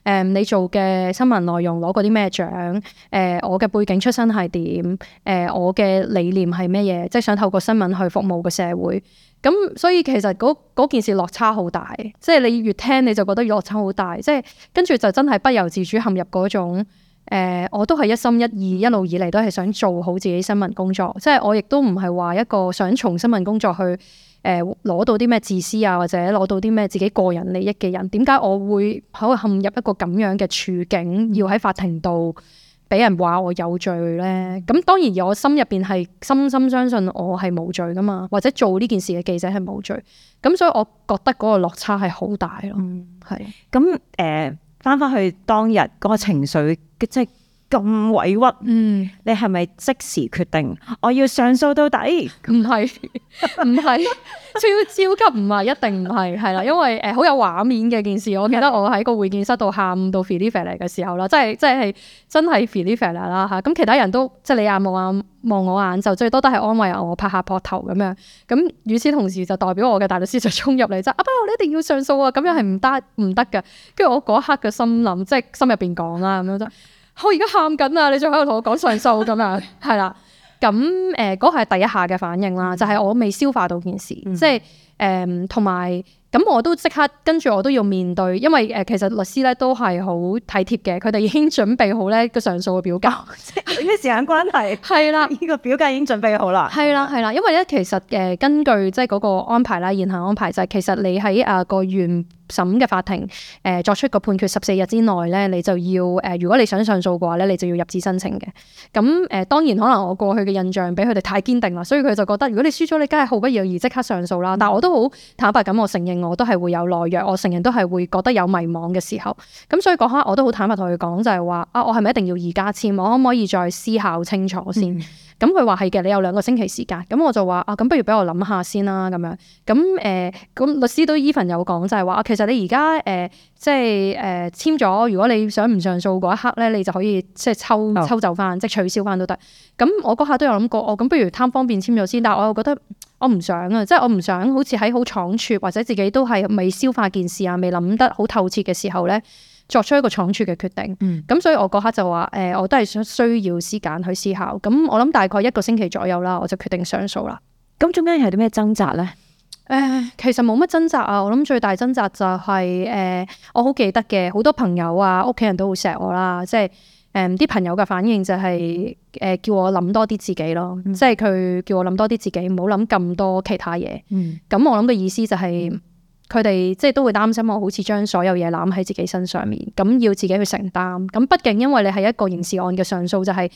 誒，你做嘅新聞內容攞過啲咩獎？誒、呃，我嘅背景出身係點？誒、呃，我嘅理念係咩嘢？即係想透過新聞去服務個社會。咁所以其實嗰件事落差好大，即係你越聽你就覺得越落差好大。即係跟住就真係不由自主陷入嗰種。誒、呃，我都係一心一意，一路以嚟都係想做好自己新聞工作，即係我亦都唔係話一個想從新聞工作去誒攞、呃、到啲咩自私啊，或者攞到啲咩自己個人利益嘅人。點解我會喺度陷入一個咁樣嘅處境，要喺法庭度俾人話我有罪呢？咁當然，我心入邊係深深相信我係冇罪噶嘛，或者做呢件事嘅記者係冇罪。咁所以，我覺得嗰個落差係好大咯。係、嗯。咁誒是。翻返去當日嗰個情緒，即係。咁委屈，嗯，你係咪即時決定我要上訴到底？唔係，唔係，超 超級唔係，一定唔係，係啦，因為誒好、呃、有畫面嘅件事，的我記得我喺個會見室度喊到 Philipper 嚟嘅時候啦，即係即係真係 Philipper 啦吓，咁其他人都即係你眼望眼望我眼，就最多都係安慰我，拍下膊頭咁樣。咁與此同時就代表我嘅大律師就衝入嚟，就啊，不，我一定要上訴啊！咁樣係唔得唔得噶。跟住我嗰一刻嘅心諗，即係心入邊講啦咁樣我而家喊緊啊！你仲喺度同我講上訴咁樣，係啦， 咁誒嗰係第一下嘅反應啦，嗯、就係我未消化到件事，嗯、即係。誒，同埋咁我都即刻跟住，我都要面對，因為誒、呃、其實律師咧都係好體貼嘅，佢哋已經準備好咧個上訴嘅表格、哦。由於時間關係，係 啦，呢個表格已經準備好啦。係啦，係啦，因為咧其實誒、呃、根據即係嗰個安排啦，現行安排就係、是、其實你喺啊個原審嘅法庭誒、呃、作出個判決十四日之內咧，你就要誒、呃、如果你想上訴嘅話咧，你就要入紙申請嘅。咁誒、呃、當然可能我過去嘅印象俾佢哋太堅定啦，所以佢就覺得如果你輸咗，你梗係毫不猶豫即刻上訴啦。但我都。都好坦白咁，我承認我都係會有懦弱，我承認我都係會覺得有迷惘嘅時候。咁所以嗰刻我都好坦白同佢講，就係話啊，我係咪一定要而家簽？我可唔可以再思考清楚先？咁佢話係嘅，你有兩個星期時間。咁我就話啊，咁不如俾我諗下先啦，咁樣。咁誒，咁、呃、律師都 even 有講，就係話，其實你而家誒，即係誒簽咗，如果你想唔上訴嗰一刻咧，你就可以即係抽的抽走翻，即係取消翻都得。咁我嗰刻都有諗過，我、哦、咁不如貪方便簽咗先，但係我又覺得。我唔想啊，即係我唔想好似喺好倉促或者自己都係未消化件事啊，未諗得好透徹嘅時候咧，作出一個倉促嘅決定。咁、嗯、所以我嗰刻就話，誒、呃，我都係需要時間去思考。咁我諗大概一個星期左右啦，我就決定上訴啦。咁中間有啲咩掙扎呢？誒、呃，其實冇乜掙扎啊。我諗最大掙扎就係、是，誒、呃，我好記得嘅，好多朋友啊，屋企人都好錫我啦，即係。誒啲、嗯、朋友嘅反應就係、係、誒、呃、叫我諗多啲自己咯，即係佢叫我諗多啲自己，唔好諗咁多其他嘢。咁、嗯、我諗嘅意思就係佢哋即係都會擔心我好似將所有嘢攬喺自己身上面，咁要自己去承擔。咁畢竟因為你係一個刑事案嘅上訴、就係，就係。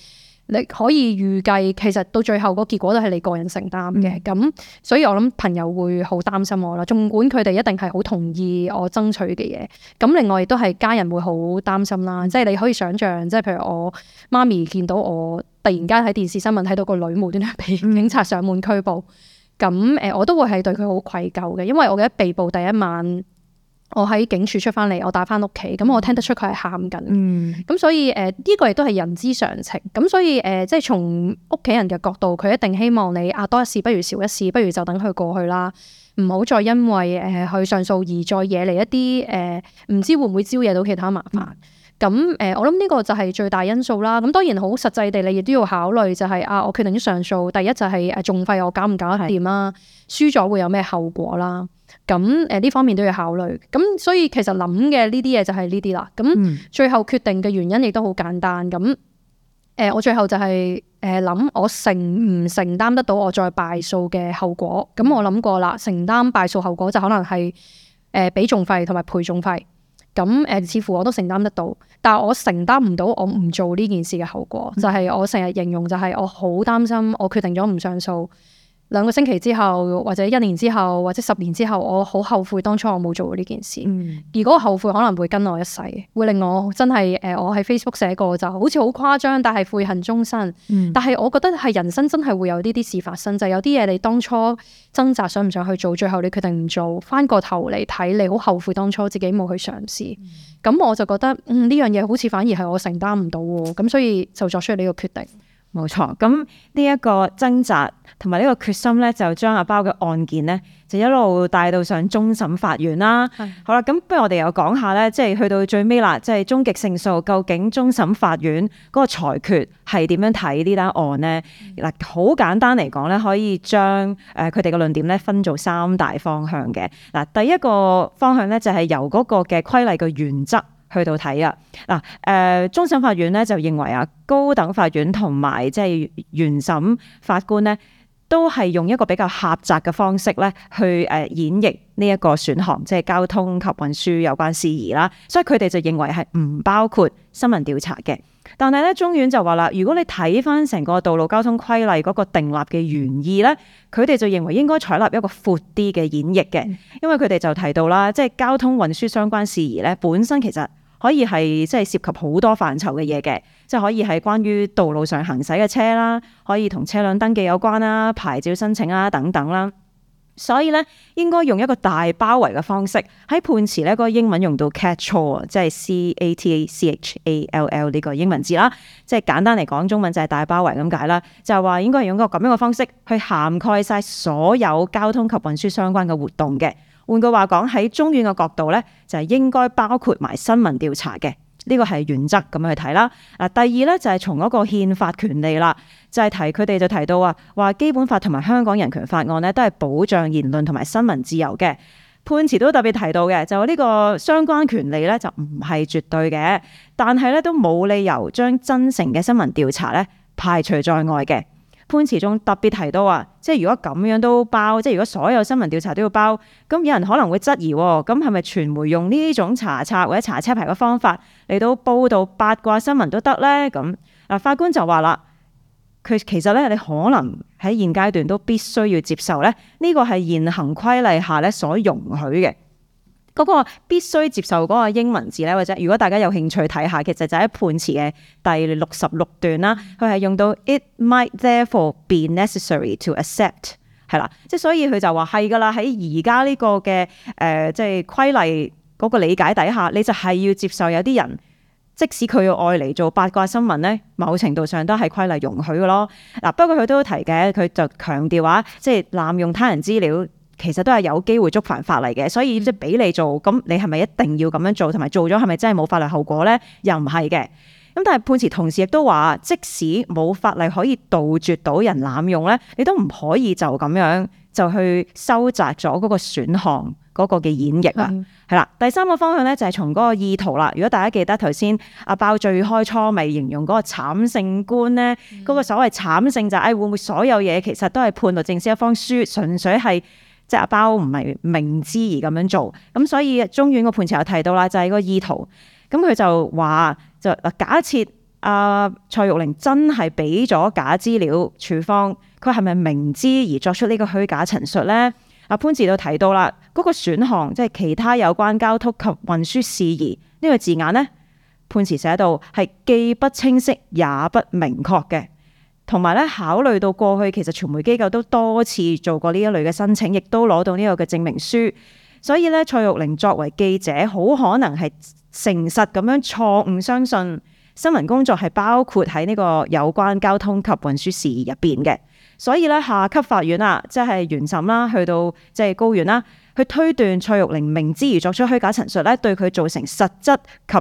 你可以預計，其實到最後個結果都係你個人承擔嘅。咁、嗯，所以我諗朋友會好擔心我啦。儘管佢哋一定係好同意我爭取嘅嘢，咁另外亦都係家人會好擔心啦。即係你可以想像，即係譬如我媽咪見到我突然間喺電視新聞睇到個女無端端被警察上門拘捕，咁誒、嗯、我都會係對佢好愧疚嘅，因為我記得被捕第一晚。我喺警署出翻嚟，我帶翻屋企，咁我聽得出佢係喊緊，咁、嗯、所以誒呢、呃這個亦都係人之常情，咁、呃、所以誒、呃、即係從屋企人嘅角度，佢一定希望你阿多一事不如少一事，不如就等佢過去啦，唔好再因為誒去、呃、上訴而再惹嚟一啲誒唔知會唔會招惹到其他麻煩。嗯咁誒、呃，我諗呢個就係最大因素啦。咁當然好實際地，你亦都要考慮就係、是、啊，我決定上訴。第一就係、是、誒、啊，訟費我搞唔搞得掂啦？輸咗會有咩後果啦？咁誒呢方面都要考慮。咁所以其實諗嘅呢啲嘢就係呢啲啦。咁最後決定嘅原因亦都好簡單。咁誒、呃，我最後就係誒諗，呃、我承唔承擔得到我再敗訴嘅後果？咁我諗過啦，承擔敗訴後果就可能係誒俾訟費同埋賠訟費。呃咁誒，似乎我都承擔得到，但係我承擔唔到我唔做呢件事嘅後果，嗯、就係我成日形容就係我好擔心，我決定咗唔上訴。兩個星期之後，或者一年之後，或者十年之後，我好後悔當初我冇做過呢件事。嗯、而嗰個後悔可能會跟我一世，會令我真係誒、呃，我喺 Facebook 寫過就好似好誇張，但係悔恨終身。嗯、但係我覺得係人生真係會有呢啲事發生，就係、是、有啲嘢你當初掙扎想唔想去做，最後你決定唔做，翻個頭嚟睇你好後悔當初自己冇去嘗試。咁、嗯、我就覺得嗯呢樣嘢好似反而係我承擔唔到喎，咁所以就作出呢個決定。冇錯，咁呢一個掙扎同埋呢個決心咧，就將阿包嘅案件咧，就一路帶到上終審法院啦。係。好啦，咁不如我哋又講下咧，即係去到最尾啦，即係終極勝訴，究竟終審法院嗰個裁決係點樣睇呢單案咧？嗱、嗯，好簡單嚟講咧，可以將誒佢哋嘅論點咧分做三大方向嘅。嗱，第一個方向咧就係由嗰個嘅規例嘅原則。去到睇啊嗱，誒終審法院咧就認為啊，高等法院同埋即係原審法官咧，都係用一個比較狹窄嘅方式咧去誒演繹呢一個選項，即係交通及運輸有關事宜啦。所以佢哋就認為係唔包括新聞調查嘅。但係咧，中院就話啦，如果你睇翻成個道路交通規例嗰個訂立嘅原意咧，佢哋就認為應該採納一個闊啲嘅演繹嘅，因為佢哋就提到啦，即係交通運輸相關事宜咧，本身其實。可以係即係涉及好多範疇嘅嘢嘅，即係可以係關於道路上行駛嘅車啦，可以同車輛登記有關啦、牌照申請啦等等啦。所以呢，應該用一個大包圍嘅方式喺判詞呢嗰個英文用到 catch all，即係 c a t a c h a l l 呢個英文字啦，即係簡單嚟講中文就係大包圍咁解啦。就係話應該用一個咁樣嘅方式去涵蓋晒所有交通及運輸相關嘅活動嘅。換句話講，喺中院嘅角度咧，就係應該包括埋新聞調查嘅，呢個係原則咁樣去睇啦。嗱，第二咧就係從嗰個憲法權利啦，就係提佢哋就提到啊，話基本法同埋香港人權法案呢，都係保障言論同埋新聞自由嘅。判詞都特別提到嘅，就呢個相關權利咧就唔係絕對嘅，但係咧都冇理由將真誠嘅新聞調查咧排除在外嘅。判詞中特別提到啊，即係如果咁樣都包，即係如果所有新聞調查都要包，咁有人可能會質疑、哦，咁係咪傳媒用呢種查冊或者查車牌嘅方法嚟到報導八卦新聞都得呢？」咁、啊、嗱，法官就話啦，佢其實咧，你可能喺現階段都必須要接受咧，呢個係現行規例下咧所容許嘅。嗰個必須接受嗰個英文字咧，或者如果大家有興趣睇下，其實就喺判詞嘅第六十六段啦。佢係用到 It might therefore be necessary to accept 係啦，即係所以佢就話係噶啦。喺而家呢個嘅誒即係規例嗰個理解底下，你就係要接受有啲人，即使佢要愛嚟做八卦新聞咧，某程度上都係規例容許嘅咯。嗱、啊，不過佢都提嘅，佢就強調話，即、啊、係、就係、濫用他人資料。其實都係有機會觸犯法例嘅，所以即係俾你做，咁你係咪一定要咁樣做？同埋做咗係咪真係冇法律後果咧？又唔係嘅。咁但係判詞同時亦都話，即使冇法例可以杜絕到人濫用咧，你都唔可以就咁樣就去收窄咗嗰個選項嗰個嘅演繹啦。係啦、嗯，第三個方向咧就係從嗰個意圖啦。如果大家記得頭先阿包最開初未形容嗰個慘勝觀咧，嗰、嗯、個所謂慘勝就係、是哎、會唔會所有嘢其實都係判來正式一方輸，純粹係。即係阿包唔係明知而咁樣做，咁所以中院個判詞又提到啦，就係個意圖。咁佢就話就假設阿蔡玉玲真係俾咗假資料處方，佢係咪明知而作出呢個虛假陳述咧？阿判詞都提到啦，嗰個選項即係其他有關交通及運輸事宜呢個字眼咧，判詞寫到係既不清晰也不明確嘅。同埋咧，考慮到過去其實傳媒機構都多次做過呢一類嘅申請，亦都攞到呢個嘅證明書，所以咧，蔡玉玲作為記者，好可能係誠實咁樣錯誤相信新聞工作係包括喺呢個有關交通及運輸事宜入邊嘅，所以呢，下級法院啊，即係原審啦，去到即係高院啦，去推斷蔡玉玲明知而作出虛假陳述呢對佢造成實質及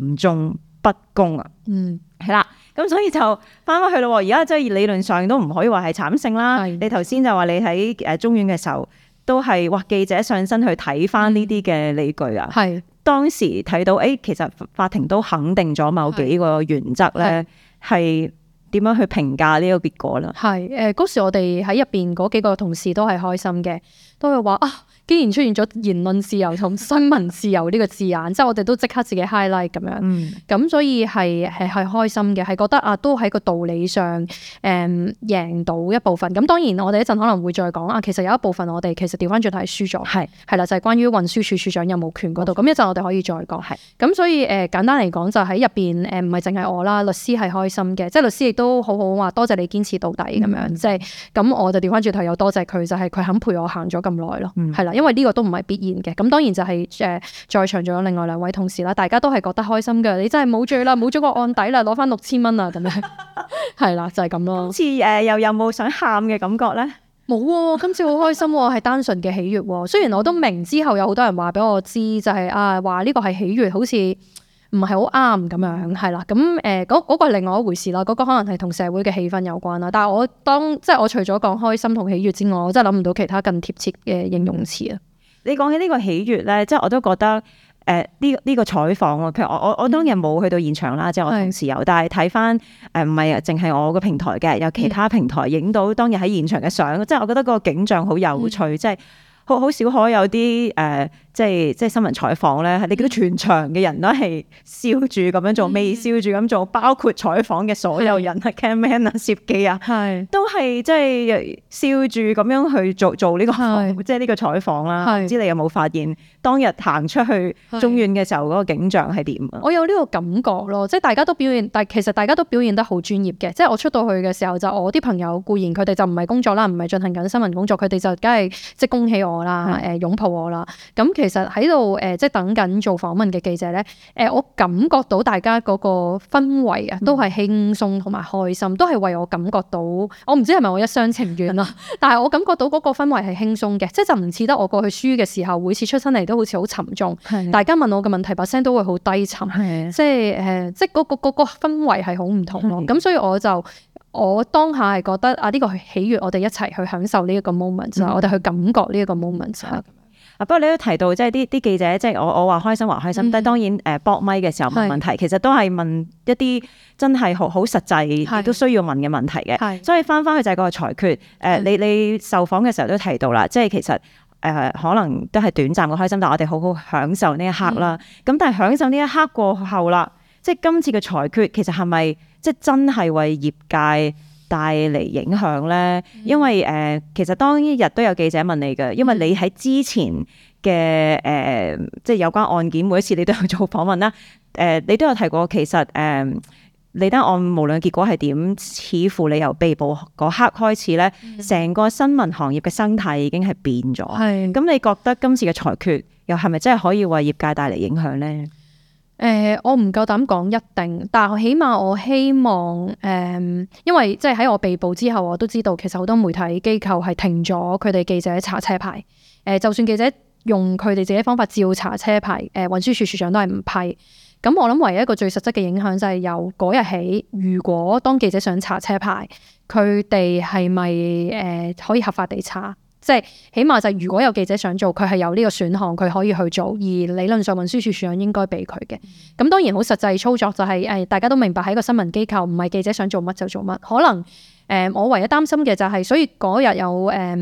嚴重不公啊。嗯，係啦。咁所以就翻返去咯，而家即係理論上都唔可以話係慘勝啦。是你頭先就話你喺誒中院嘅時候，都係哇記者上身去睇翻呢啲嘅理據啊。係。是當時睇到，誒、欸、其實法庭都肯定咗某幾個原則咧，係點樣去評價呢個結果啦。係誒嗰時我哋喺入邊嗰幾個同事都係開心嘅，都係話啊。既然出現咗言論自由同新聞自由呢個字眼， 即係我哋都即刻自己 highlight 咁樣，咁、嗯、所以係係係開心嘅，係覺得啊都喺個道理上誒、嗯、贏到一部分。咁當然我哋一陣可能會再講啊，其實有一部分我哋其實調翻轉頭係輸咗，係係是啦，就係、是、關於運輸署署長有冇權嗰度。咁、嗯、一陣我哋可以再講，係咁所以誒、呃、簡單嚟講就喺入邊誒唔係淨係我啦，律師係開心嘅，即係律師亦都好好話多謝你堅持到底咁樣，、嗯、樣，即係咁我就調翻轉頭又多謝佢，就係、是、佢肯陪我行咗咁耐咯，係、嗯、啦。因為呢個都唔係必然嘅，咁當然就係、是、誒，在場仲有另外兩位同事啦，大家都係覺得開心嘅，你真係冇罪啦，冇咗個案底啦，攞翻六千蚊啦，咁樣係啦，就係咁咯。好似誒、呃，又有冇想喊嘅感覺咧？冇、啊，今次好開心、啊，係單純嘅喜悦、啊。 雖然我都明之後有好多人話俾我知、就是，就係啊，話呢個係喜悦，好似。唔係好啱咁樣，係啦，咁誒嗰嗰個、嗰個、係另外一回事啦，嗰、嗰個可能係同社會嘅氣氛有關啦。但係我當即係我除咗講開心同喜悅之外，我真係諗唔到其他更貼切嘅形容詞啊。你講起呢個喜悅咧，即係我都覺得誒呢呢個採訪喎，譬如我我我當日冇去到現場啦，即係我同事有，是但係睇翻誒唔係淨係我個平台嘅，有其他平台影到當日喺現場嘅相，嗯、即係我覺得個景象好有趣，嗯、即係好好少可有啲誒。呃即係即係新聞採訪咧，你見到全場嘅人都係笑住咁樣做，微笑住咁做，包括採訪嘅所有人的啊、cam man 啊攝記啊，係的都係即係笑住咁樣去做做呢個的即係呢個採訪啦。唔的知你有冇發現當日行出去中院嘅時候個景象係點啊？我有呢個感覺咯，即係大家都表現，但其實大家都表現得好專業嘅。即係我出到去嘅時候就是、我啲朋友固然佢哋就唔係工作啦，唔係進行緊新聞工作，佢哋就梗係即係恭喜我啦，誒、呃、擁抱我啦。咁其實喺度誒，即係等緊做訪問嘅記者咧，誒，我感覺到大家嗰個氛圍啊，都係輕鬆同埋開心，都係為我感覺到。我唔知係咪我一廂情願啦，但係我感覺到嗰個氛圍係輕鬆嘅，即係就唔似得我過去輸嘅時候，每次出身嚟都好似好沉重。是的 大家問我嘅問題，把聲都會好低沉。是的 即係誒、呃，即係嗰個個氛圍係好唔同咯。咁是的 所以我就我當下係覺得啊，呢、這個係喜悅，我哋一齊去享受呢一個 moment 啊的，我哋去感覺呢一個 moment 啊！不過你都提到，即係啲啲記者，即係我我話開心話開心，嗯、但係當然誒，搏咪嘅時候問問題，是其實都係問一啲真係好好實際亦是都需要問嘅問題嘅。是所以翻翻去就係個裁決誒，嗯、你你受訪嘅時候都提到啦，即係其實誒、呃、可能都係短暫個開心，但係我哋好好享受呢一刻啦。咁、嗯、但係享受呢一刻過後啦，即係今次嘅裁決其實係咪即係真係為業界帶嚟影響咧？因為誒、呃，其實當日都有記者問你嘅，因為你喺之前嘅誒、呃，即係有關案件每一次你都有做訪問啦，誒、呃，你都有提過，其實誒，你、呃、單案無論結果係點，似乎你由被捕嗰刻開始咧，成個新聞行業嘅生態已經係變咗，係。咁你覺得今次嘅裁決又係咪真係可以為業界帶嚟影響咧？誒、呃，我唔夠膽講一定，但係起碼我希望誒、呃，因為即係喺我被捕之後，我都知道其實好多媒體機構係停咗佢哋記者查車牌。誒、呃，就算記者用佢哋自己方法照查車牌，誒運輸署署長都係唔批。咁我諗唯一一個最實質嘅影響就係由嗰日起，如果當記者想查車牌，佢哋係咪誒可以合法地查？即係起碼就係，如果有記者想做，佢係有呢個選項，佢可以去做。而理論上，運輸署署長應該俾佢嘅。咁當然好實際操作就係、是、誒、呃，大家都明白喺個新聞機構，唔係記者想做乜就做乜。可能誒、呃，我唯一擔心嘅就係、是，所以嗰日有誒、呃、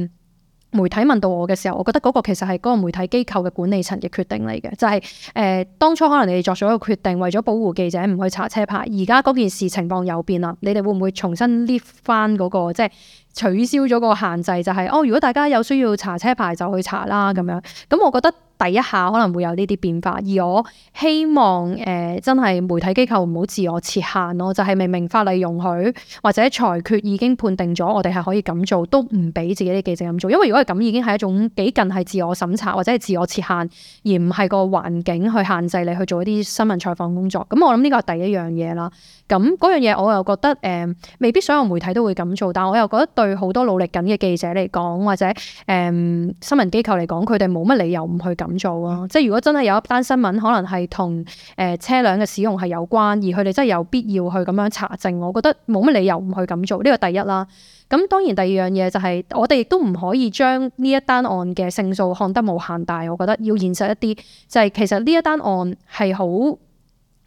媒體問到我嘅時候，我覺得嗰個其實係嗰個媒體機構嘅管理層嘅決定嚟嘅。就係、是、誒、呃，當初可能你哋作咗一個決定，為咗保護記者唔去查車牌。而家嗰件事情況有變啦，你哋會唔會重新 lift 翻嗰個即係？取消咗個限制，就係，就係哦，如果大家有需要查車牌就去查啦，咁樣，咁我覺得。第一下可能會有呢啲變化，而我希望誒、呃、真係媒體機構唔好自我設限咯，就係、是、明明法例容許或者裁決已經判定咗，我哋係可以咁做，都唔俾自己啲記者咁做，因為如果係咁，已經係一種幾近係自我審查或者係自我設限，而唔係個環境去限制你去做一啲新聞採訪工作。咁、嗯、我諗呢個係第一樣嘢啦。咁嗰樣嘢我又覺得誒、呃、未必所有媒體都會咁做，但係我又覺得對好多努力緊嘅記者嚟講，或者誒、呃、新聞機構嚟講，佢哋冇乜理由唔去咁。做啊！嗯、即係如果真係有一單新聞，可能係同誒車輛嘅使用係有關，而佢哋真係有必要去咁樣查證，我覺得冇乜理由唔去咁做。呢個第一啦。咁當然第二樣嘢就係、是、我哋亦都唔可以將呢一單案嘅勝數看得無限大。我覺得要現實一啲，就係、是、其實呢一單案係好。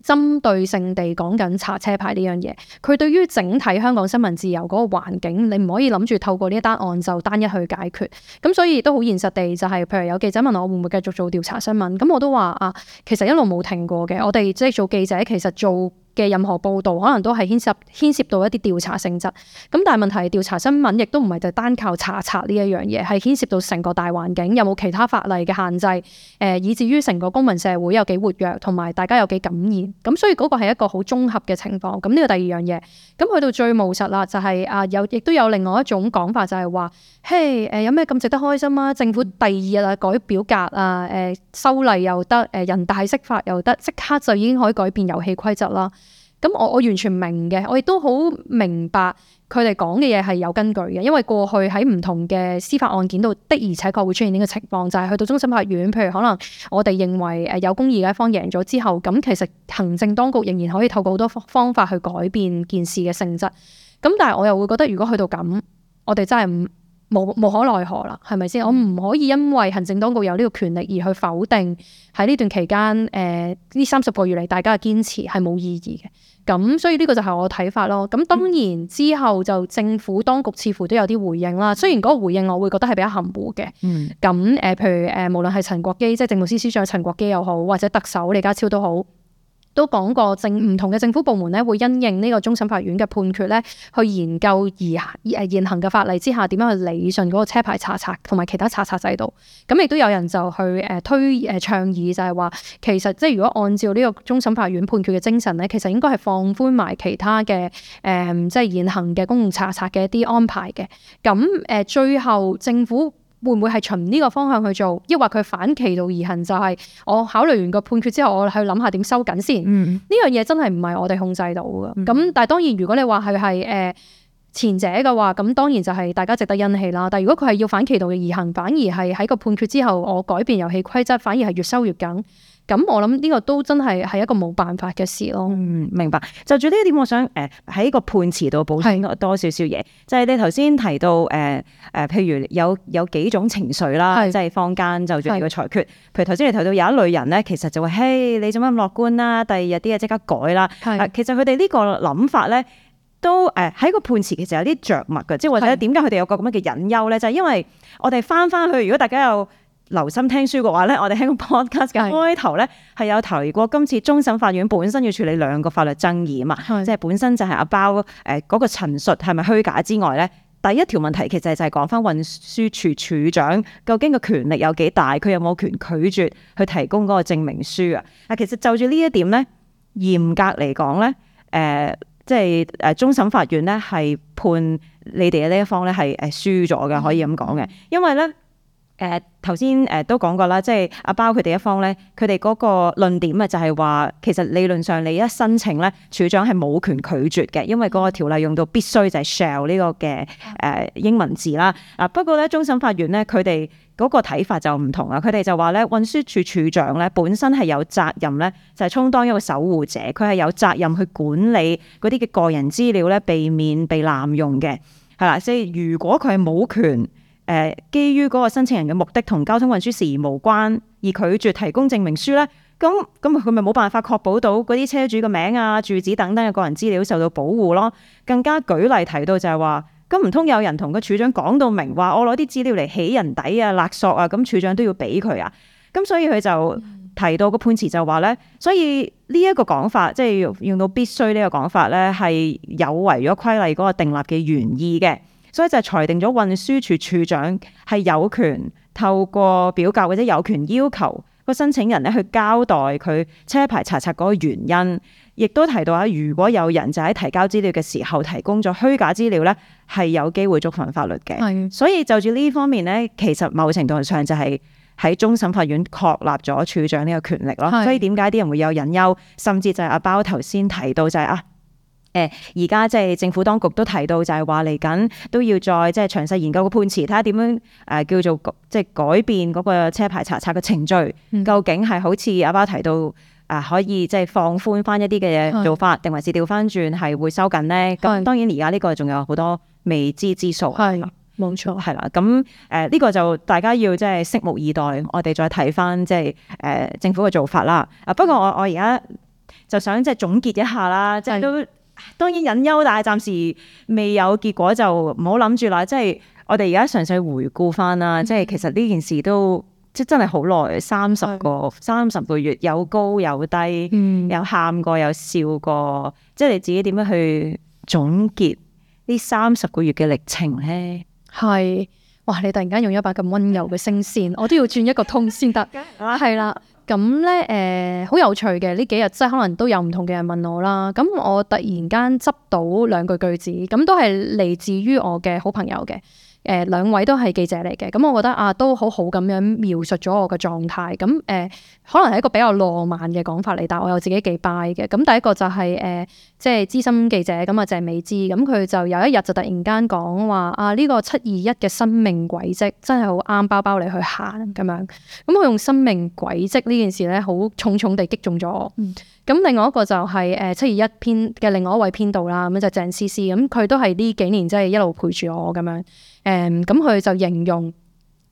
針對性地講緊查車牌呢樣嘢，佢對於整體香港新聞自由嗰個環境，你唔可以諗住透過呢一單案就單一去解決。咁所以亦都好現實地，就係譬如有記者問我會唔會繼續做調查新聞，咁我都話啊，其實一路冇停過嘅。我哋即係做記者，其實做。嘅任何報導可能都係牽涉牽涉到一啲調查性質，咁但係問題係調查新聞亦都唔係就單靠查冊呢一樣嘢，係牽涉到成個大環境有冇其他法例嘅限制，誒以至於成個公民社會有幾活躍，同埋大家有幾感染，咁所以嗰個係一個好綜合嘅情況。咁呢個第二樣嘢，咁去到最務實啦，就係、是、啊有亦都有另外一種講法，就係話嘿誒有咩咁值得開心啊？政府第二日啊改表格啊誒修例又得誒人大釋法又得，即刻就已經可以改變遊戲規則啦。咁我我完全明嘅，我亦都好明白佢哋講嘅嘢係有根據嘅，因為過去喺唔同嘅司法案件度的而且確會出現呢個情況，就係去到終審法院，譬如可能我哋認為誒有公義嘅一方贏咗之後，咁其實行政當局仍然可以透過好多方法去改變件事嘅性質。咁但係我又會覺得，如果去到咁，我哋真係唔。無無可奈何啦，係咪先？我唔可以因為行政當局有呢個權力而去否定喺呢段期間，誒呢三十個月嚟大家嘅堅持係冇意義嘅。咁所以呢個就係我嘅睇法咯。咁當然之後就政府當局似乎都有啲回應啦。雖然嗰個回應我會覺得係比較含糊嘅。嗯。咁誒、呃，譬如誒、呃，無論係陳國基即係政務司司長陳國基又好，或者特首李家超都好。都講過政唔同嘅政府部門咧，會因應呢個終審法院嘅判決咧，去研究而誒現行嘅法例之下點樣去理順嗰個車牌查冊同埋其他查冊制度。咁亦都有人就去誒推誒倡議，就係話其實即係如果按照呢個終審法院判決嘅精神咧，其實應該係放寬埋其他嘅誒即係現行嘅公共查冊嘅一啲安排嘅。咁誒最後政府。會唔會係循呢個方向去做，抑或佢反其道而行？就係我考慮完個判決之後，我去諗下點收緊先。嗯、呢樣嘢真係唔係我哋控制到嘅。咁、嗯、但係當然，如果你話佢係誒前者嘅話，咁當然就係大家值得欣喜啦。但係如果佢係要反其道而行，反而係喺個判決之後，我改變遊戲規則，反而係越收越緊。咁我諗呢個都真係係一個冇辦法嘅事咯。嗯，明白。就住呢一點，我想誒喺、呃、個判詞度補充多少少嘢，是就係你頭先提到誒誒、呃，譬如有有幾種情緒啦，即係是坊間就住你個裁決。是譬如頭先你提到有一類人咧，其實就話，嘿，你做乜咁樂觀啦？第二日啲嘢即刻改啦。係是、呃，其實佢哋呢個諗法咧，都誒喺、呃、個判詞其實有啲着墨嘅，即係或者點解佢哋有個咁樣嘅隱憂咧？就係、因為我哋翻翻去，如果大家有……留心聽書嘅話咧，我哋喺個 podcast 嘅開頭咧係有提過，今次終審法院本身要處理兩個法律爭議啊嘛，嗯、即係本身就係阿包誒嗰個陳述係咪虛假之外咧，第一條問題其實就係講翻運輸處處長究竟個權力有幾大，佢有冇權拒絕去提供嗰個證明書啊？啊，其實就住呢一點咧，嚴格嚟講咧，誒即係誒終審法院咧係判你哋嘅呢一方咧係誒輸咗嘅，可以咁講嘅，因為咧。誒頭先誒都講過啦，即係阿包佢哋一方咧，佢哋嗰個論點啊，就係話其實理論上你一申請咧，處長係冇權拒絕嘅，因為嗰個條例用到必須就係、是、shall 呢個嘅誒英文字啦。嗱、嗯、不過咧，終審法院呢，佢哋嗰個睇法就唔同啊，佢哋就話咧，運輸處處長咧本身係有責任咧，就係充當一個守護者，佢係有責任去管理嗰啲嘅個人資料咧，避免被濫用嘅係啦。所以如果佢係冇權。誒，基於嗰個申請人嘅目的同交通運輸事宜無關而拒絕提供證明書呢，咁咁佢咪冇辦法確保到嗰啲車主嘅名啊、住址等等嘅個人資料受到保護咯？更加舉例提到就係話，咁唔通有人同個處長講到明話，我攞啲資料嚟起人底啊、勒索啊，咁處長都要俾佢啊？咁所以佢就提到個判詞就話呢：「所以呢一個講法，即係用到必須呢個講法呢，係有違咗規例嗰個定立嘅原意嘅。」所以就裁定咗運輸處處長係有權透過表格或者有權要求個申請人咧去交代佢車牌查冊嗰個原因，亦都提到啊，如果有人就喺提交資料嘅時候提供咗虛假資料咧，係有機會觸犯法律嘅。是所以就住呢方面咧，其實某程度上就係喺終審法院確立咗處長呢個權力咯。是所以點解啲人會有隱憂，甚至就係阿包頭先提到就係、是、啊。誒而家即係政府當局都提到，就係話嚟緊都要再即係詳細研究個判詞，睇下點樣誒叫做即係改變嗰個車牌查冊嘅程序，嗯、究竟係好似阿爸提到誒可以即係放寬翻一啲嘅做法，定是還是調翻轉係會收緊呢？咁是當然而家呢個仲有好多未知之數，係冇錯，係啦。咁誒呢個就大家要即係拭目以待，我哋再睇翻即係誒政府嘅做法啦。不過我我而家就想即係總結一下啦，即係都。當然隱憂，但係暫時未有結果，就唔好諗住啦。即係我哋而家詳細回顧返啦，嗯、即係其實呢件事都即真係好耐，三十個三十個月，有高有低，有喊過有笑過，嗯、即係你自己點樣去總結呢三十個月嘅歷程咧？係哇！你突然間用一把咁溫柔嘅聲線，我都要轉一個 tone 先得，係啦。 咁咧，誒好、呃、有趣嘅呢幾日，即係可能都有唔同嘅人問我啦。咁我突然間執到兩句句子，咁都係嚟自於我嘅好朋友嘅，誒、呃、兩位都係記者嚟嘅。咁我覺得啊，都好好咁樣描述咗我嘅狀態。咁誒。呃可能係一個比較浪漫嘅講法嚟，但係我又自己幾拜嘅。咁第一個就係、是、誒，即係資深記者咁啊，鄭美芝，咁佢就有一日就突然間講話啊，呢、這個七二一嘅生命軌跡真係好啱包包你去行咁樣。咁佢用生命軌跡呢件事咧，好重重地擊中咗我。咁、嗯、另外一個就係、是、誒，七二一篇嘅另外一位編導啦，咁就鄭思思，咁佢都係呢幾年即係一路陪住我咁樣。誒、嗯，咁佢就形容。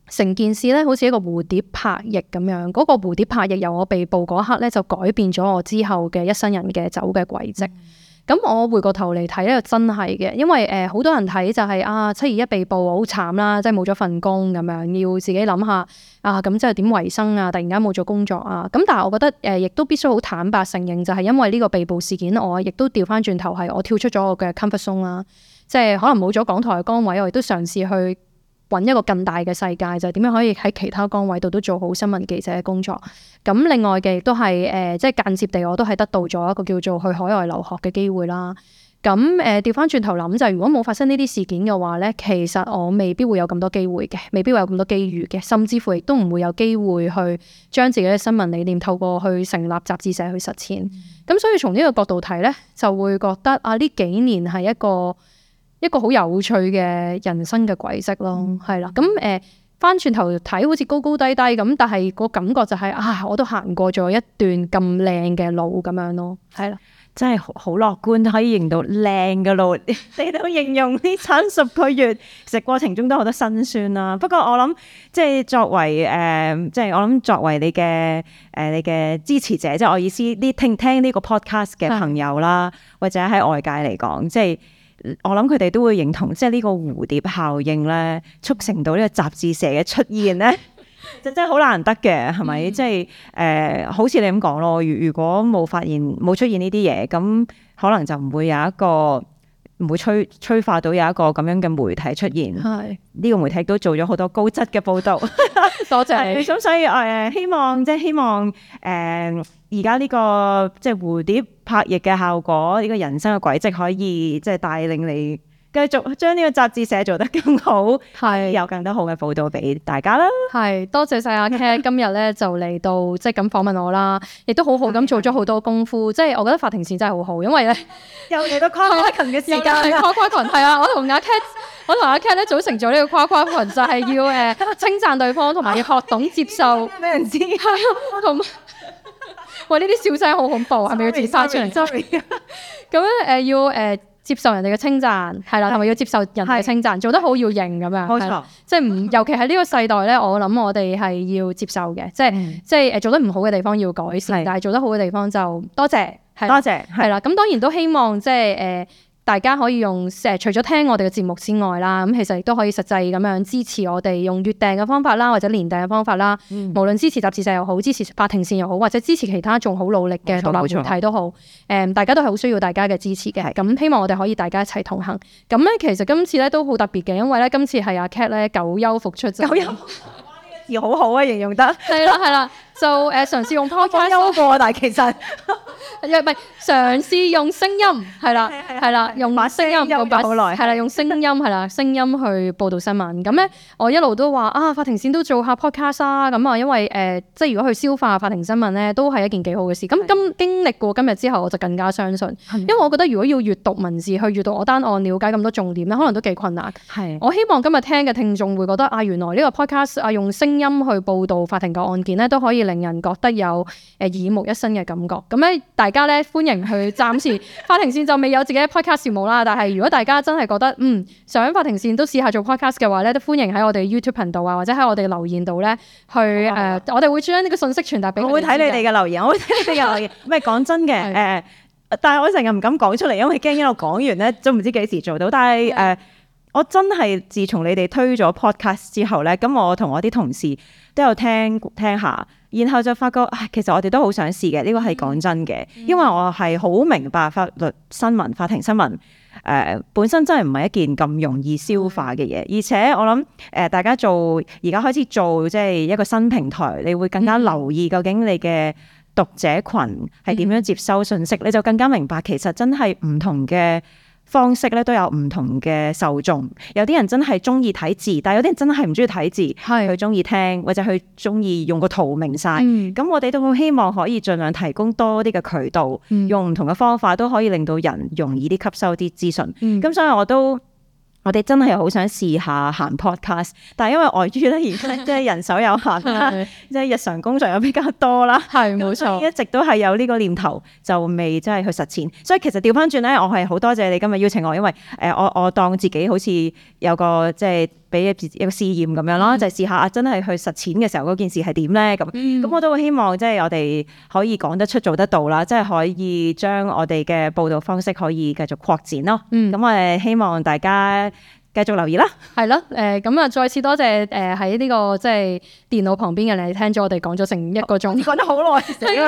成件事咧，好似一個蝴蝶拍翼咁樣，嗰、那個蝴蝶拍翼由我被捕嗰刻咧，就改變咗我之後嘅一生人嘅走嘅軌跡。咁、嗯、我回個頭回過頭嚟睇咧，真係嘅，因為誒好、呃、多人睇就係、是、啊，七二一被捕好慘啦，即係冇咗份工咁樣，要自己諗下啊，咁即係點維生啊？突然間冇咗工作啊！咁但係我覺得誒、呃，亦都必須好坦白承認，就係因為呢個被捕事件，我亦都調翻轉頭係我跳出咗我嘅 comfort zone 啦，即係可能冇咗港台嘅崗位，我亦都嘗試去。揾一個更大嘅世界就係點樣可以喺其他崗位度都做好新聞記者嘅工作。咁另外嘅亦都係誒，即、呃、係間接地我都係得到咗一個叫做去海外留學嘅機會啦。咁誒調翻轉頭諗就係，如果冇發生呢啲事件嘅話呢，其實我未必會有咁多機會嘅，未必會有咁多機遇嘅，甚至乎亦都唔會有機會去將自己嘅新聞理念透過去成立集誌社去實踐。咁、嗯、所以從呢個角度睇呢，就會覺得啊，呢幾年係一個。一個好有趣嘅人生嘅軌跡咯，係啦，咁誒，翻轉頭睇好似高高低低咁，但係個感覺就係、是、啊，我都行過咗一段咁靚嘅路咁樣咯，係啦，真係好樂觀，可以行到靚嘅路。 你都形容呢三十個月食過程中都好多辛酸啦。不過我諗，即係作為誒、呃，即係我諗作為你嘅誒、呃，你嘅支持者，即係我意思，呢聽聽呢個 podcast 嘅朋友啦，的或者喺外界嚟講，即係。我諗佢哋都會認同，即係呢個蝴蝶效應咧，促成到呢個集誌社嘅出現咧，就 真係好難得嘅，係咪？嗯、即係誒、呃，好似你咁講咯。如，如果冇發現冇出現呢啲嘢，咁可能就唔會有一個唔會催，催化到有一個咁樣嘅媒體出現。係呢是 個媒體都做咗好多高質嘅報道， 多謝你。咁 所以誒、呃，希望即係希望誒。呃而家呢個即係蝴蝶拍翼嘅效果，呢、這個人生嘅軌跡可以即係帶領你繼續將呢個集誌社做得更好，係是有更多好嘅報導俾大家啦。係多謝晒阿 Cat 今日咧就嚟到即係咁訪問我啦，亦都好好咁做咗好多功夫。即係 我覺得法庭線真係好好，因為咧有嚟到跨跨群嘅時間， 跨跨群係 啊，我同阿 Cat，我同阿 Cat 咧組成咗呢個跨跨群，就係、是、要誒、呃、稱讚對方，同埋要學懂接受，俾 人知同。 喂，呢啲笑聲好恐怖，係咪要自殺出嚟？咁咧，誒要誒接受人哋嘅稱讚，係啦，係咪要接受人哋嘅稱讚，做得好要認咁樣。冇錯，即係唔，尤其喺呢個世代咧，我諗我哋係要接受嘅，即係即係誒做得唔好嘅地方要改善，但係做得好嘅地方就多謝，多謝，係啦。咁當然都希望即係誒。大家可以用誒除咗聽我哋嘅節目之外啦，咁其實亦都可以實際咁樣支持我哋用月訂嘅方法啦，或者年訂嘅方法啦。嗯、無論支持集誌社又好，支持法庭線又好，或者支持其他仲好努力嘅獨立媒體都好。誒錯，大家都係好需要大家嘅支持嘅。咁的希望我哋可以大家一齊同行。咁咧，其實今次咧都好特別嘅，因為咧今次係阿 Cat 咧久休復出。久休，哇！呢個詞好好啊，形容得。係啦， 係啦。就誒 So ,、uh, 嘗試用 podcast 過啊， 但係其實又唔係嘗試用聲音係啦，係啦， 用麥聲音又講好耐係啦，用聲音係啦，聲音去報道新聞，咁咧， 我一路都話啊，法庭線都做下 podcast 啊。咁啊，因為誒、呃、即係如果去消化法庭新聞咧，都係一件幾好嘅事。咁今的經歷過今日之後我就更加相信，的因為我覺得如果要閱讀文字去閱讀我單案了解咁多重點咧，可能都幾困難，係的我希望今日聽嘅聽眾會覺得啊，原來呢個 podcast 啊，用聲音去報道法庭嘅案件咧，都可以。令人覺得有誒耳目一新嘅感覺，咁咧大家咧歡迎去暫時法 庭線就未有自己嘅 podcast 節目啦。但係如果大家真係覺得嗯，想法庭線都試下做 podcast 嘅話咧，都歡迎喺我哋 YouTube 頻道啊，或者喺我哋留言度咧去誒吧、呃，我哋會將呢個信息傳達俾我。會睇你哋嘅留言，我會睇你哋嘅留言。唔係講真嘅誒、 呃，但係我成日唔敢講出嚟，因為驚一路講完咧都唔知幾時做到。但係誒的、呃，我真係自從你哋推咗 podcast 之後咧，咁我同我啲同事都有聽過聽下。然後就發覺，哎、其實我哋都好想試嘅，呢個係講真嘅，因為我係好明白法律新聞、法庭新聞，誒、呃、本身真係唔係一件咁容易消化嘅嘢，而且我諗誒、呃、大家做而家開始做即係一個新平台，你會更加留意究竟你嘅讀者群係點樣接收信息，嗯、你就更加明白其實真係唔同嘅。方式咧都有唔同嘅受眾，有啲人真係鍾意睇字，但有啲人真係唔鍾意睇字，係佢鍾意聽或者佢鍾意用個圖明曬。咁、嗯、我哋都好希望可以儘量提供多啲嘅渠道，嗯、用唔同嘅方法都可以令到人容易啲吸收啲資訊。咁、嗯、所以我都。我哋真係好想試下行 podcast，但因為我於咧而家即係人手有限，即係 日常工作又比較多啦，係冇錯，一直都係有呢個念頭，就未即係去實踐。所以其實調返轉咧，我係好多謝你今日邀請我，因為我我當自己好似有個即係。俾一個試驗咁樣咯，就係、試下真係去實踐嘅時候嗰件事係點咧咁。咁、嗯、我都好希望即係我哋可以講得出、做得到啦，即係可以將我哋嘅報道方式可以繼續擴展咯。咁、嗯、我係希望大家。繼續留意啦，係咯，誒，咁啊，再次多謝，誒，喺呢個即係電腦旁邊嘅你聽咗我哋講咗成一個鐘，講得好耐，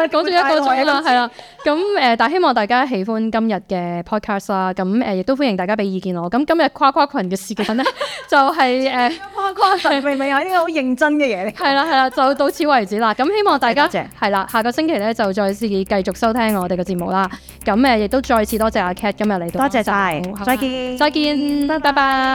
講咗一個鐘啦，係啦，咁誒，但希望大家喜歡今日嘅 podcast 啦，咁誒，亦都歡迎大家俾意見我，咁今日誇誇群嘅事件咧，就係誒，誇誇係咪有係個好認真嘅嘢嚟？係啦係啦，就到此為止啦，咁希望大家係啦，下個星期咧就再次繼續收聽我哋嘅節目啦，咁誒亦都再次多謝阿 Cat 今日嚟到，多謝晒，再見，再見，拜拜。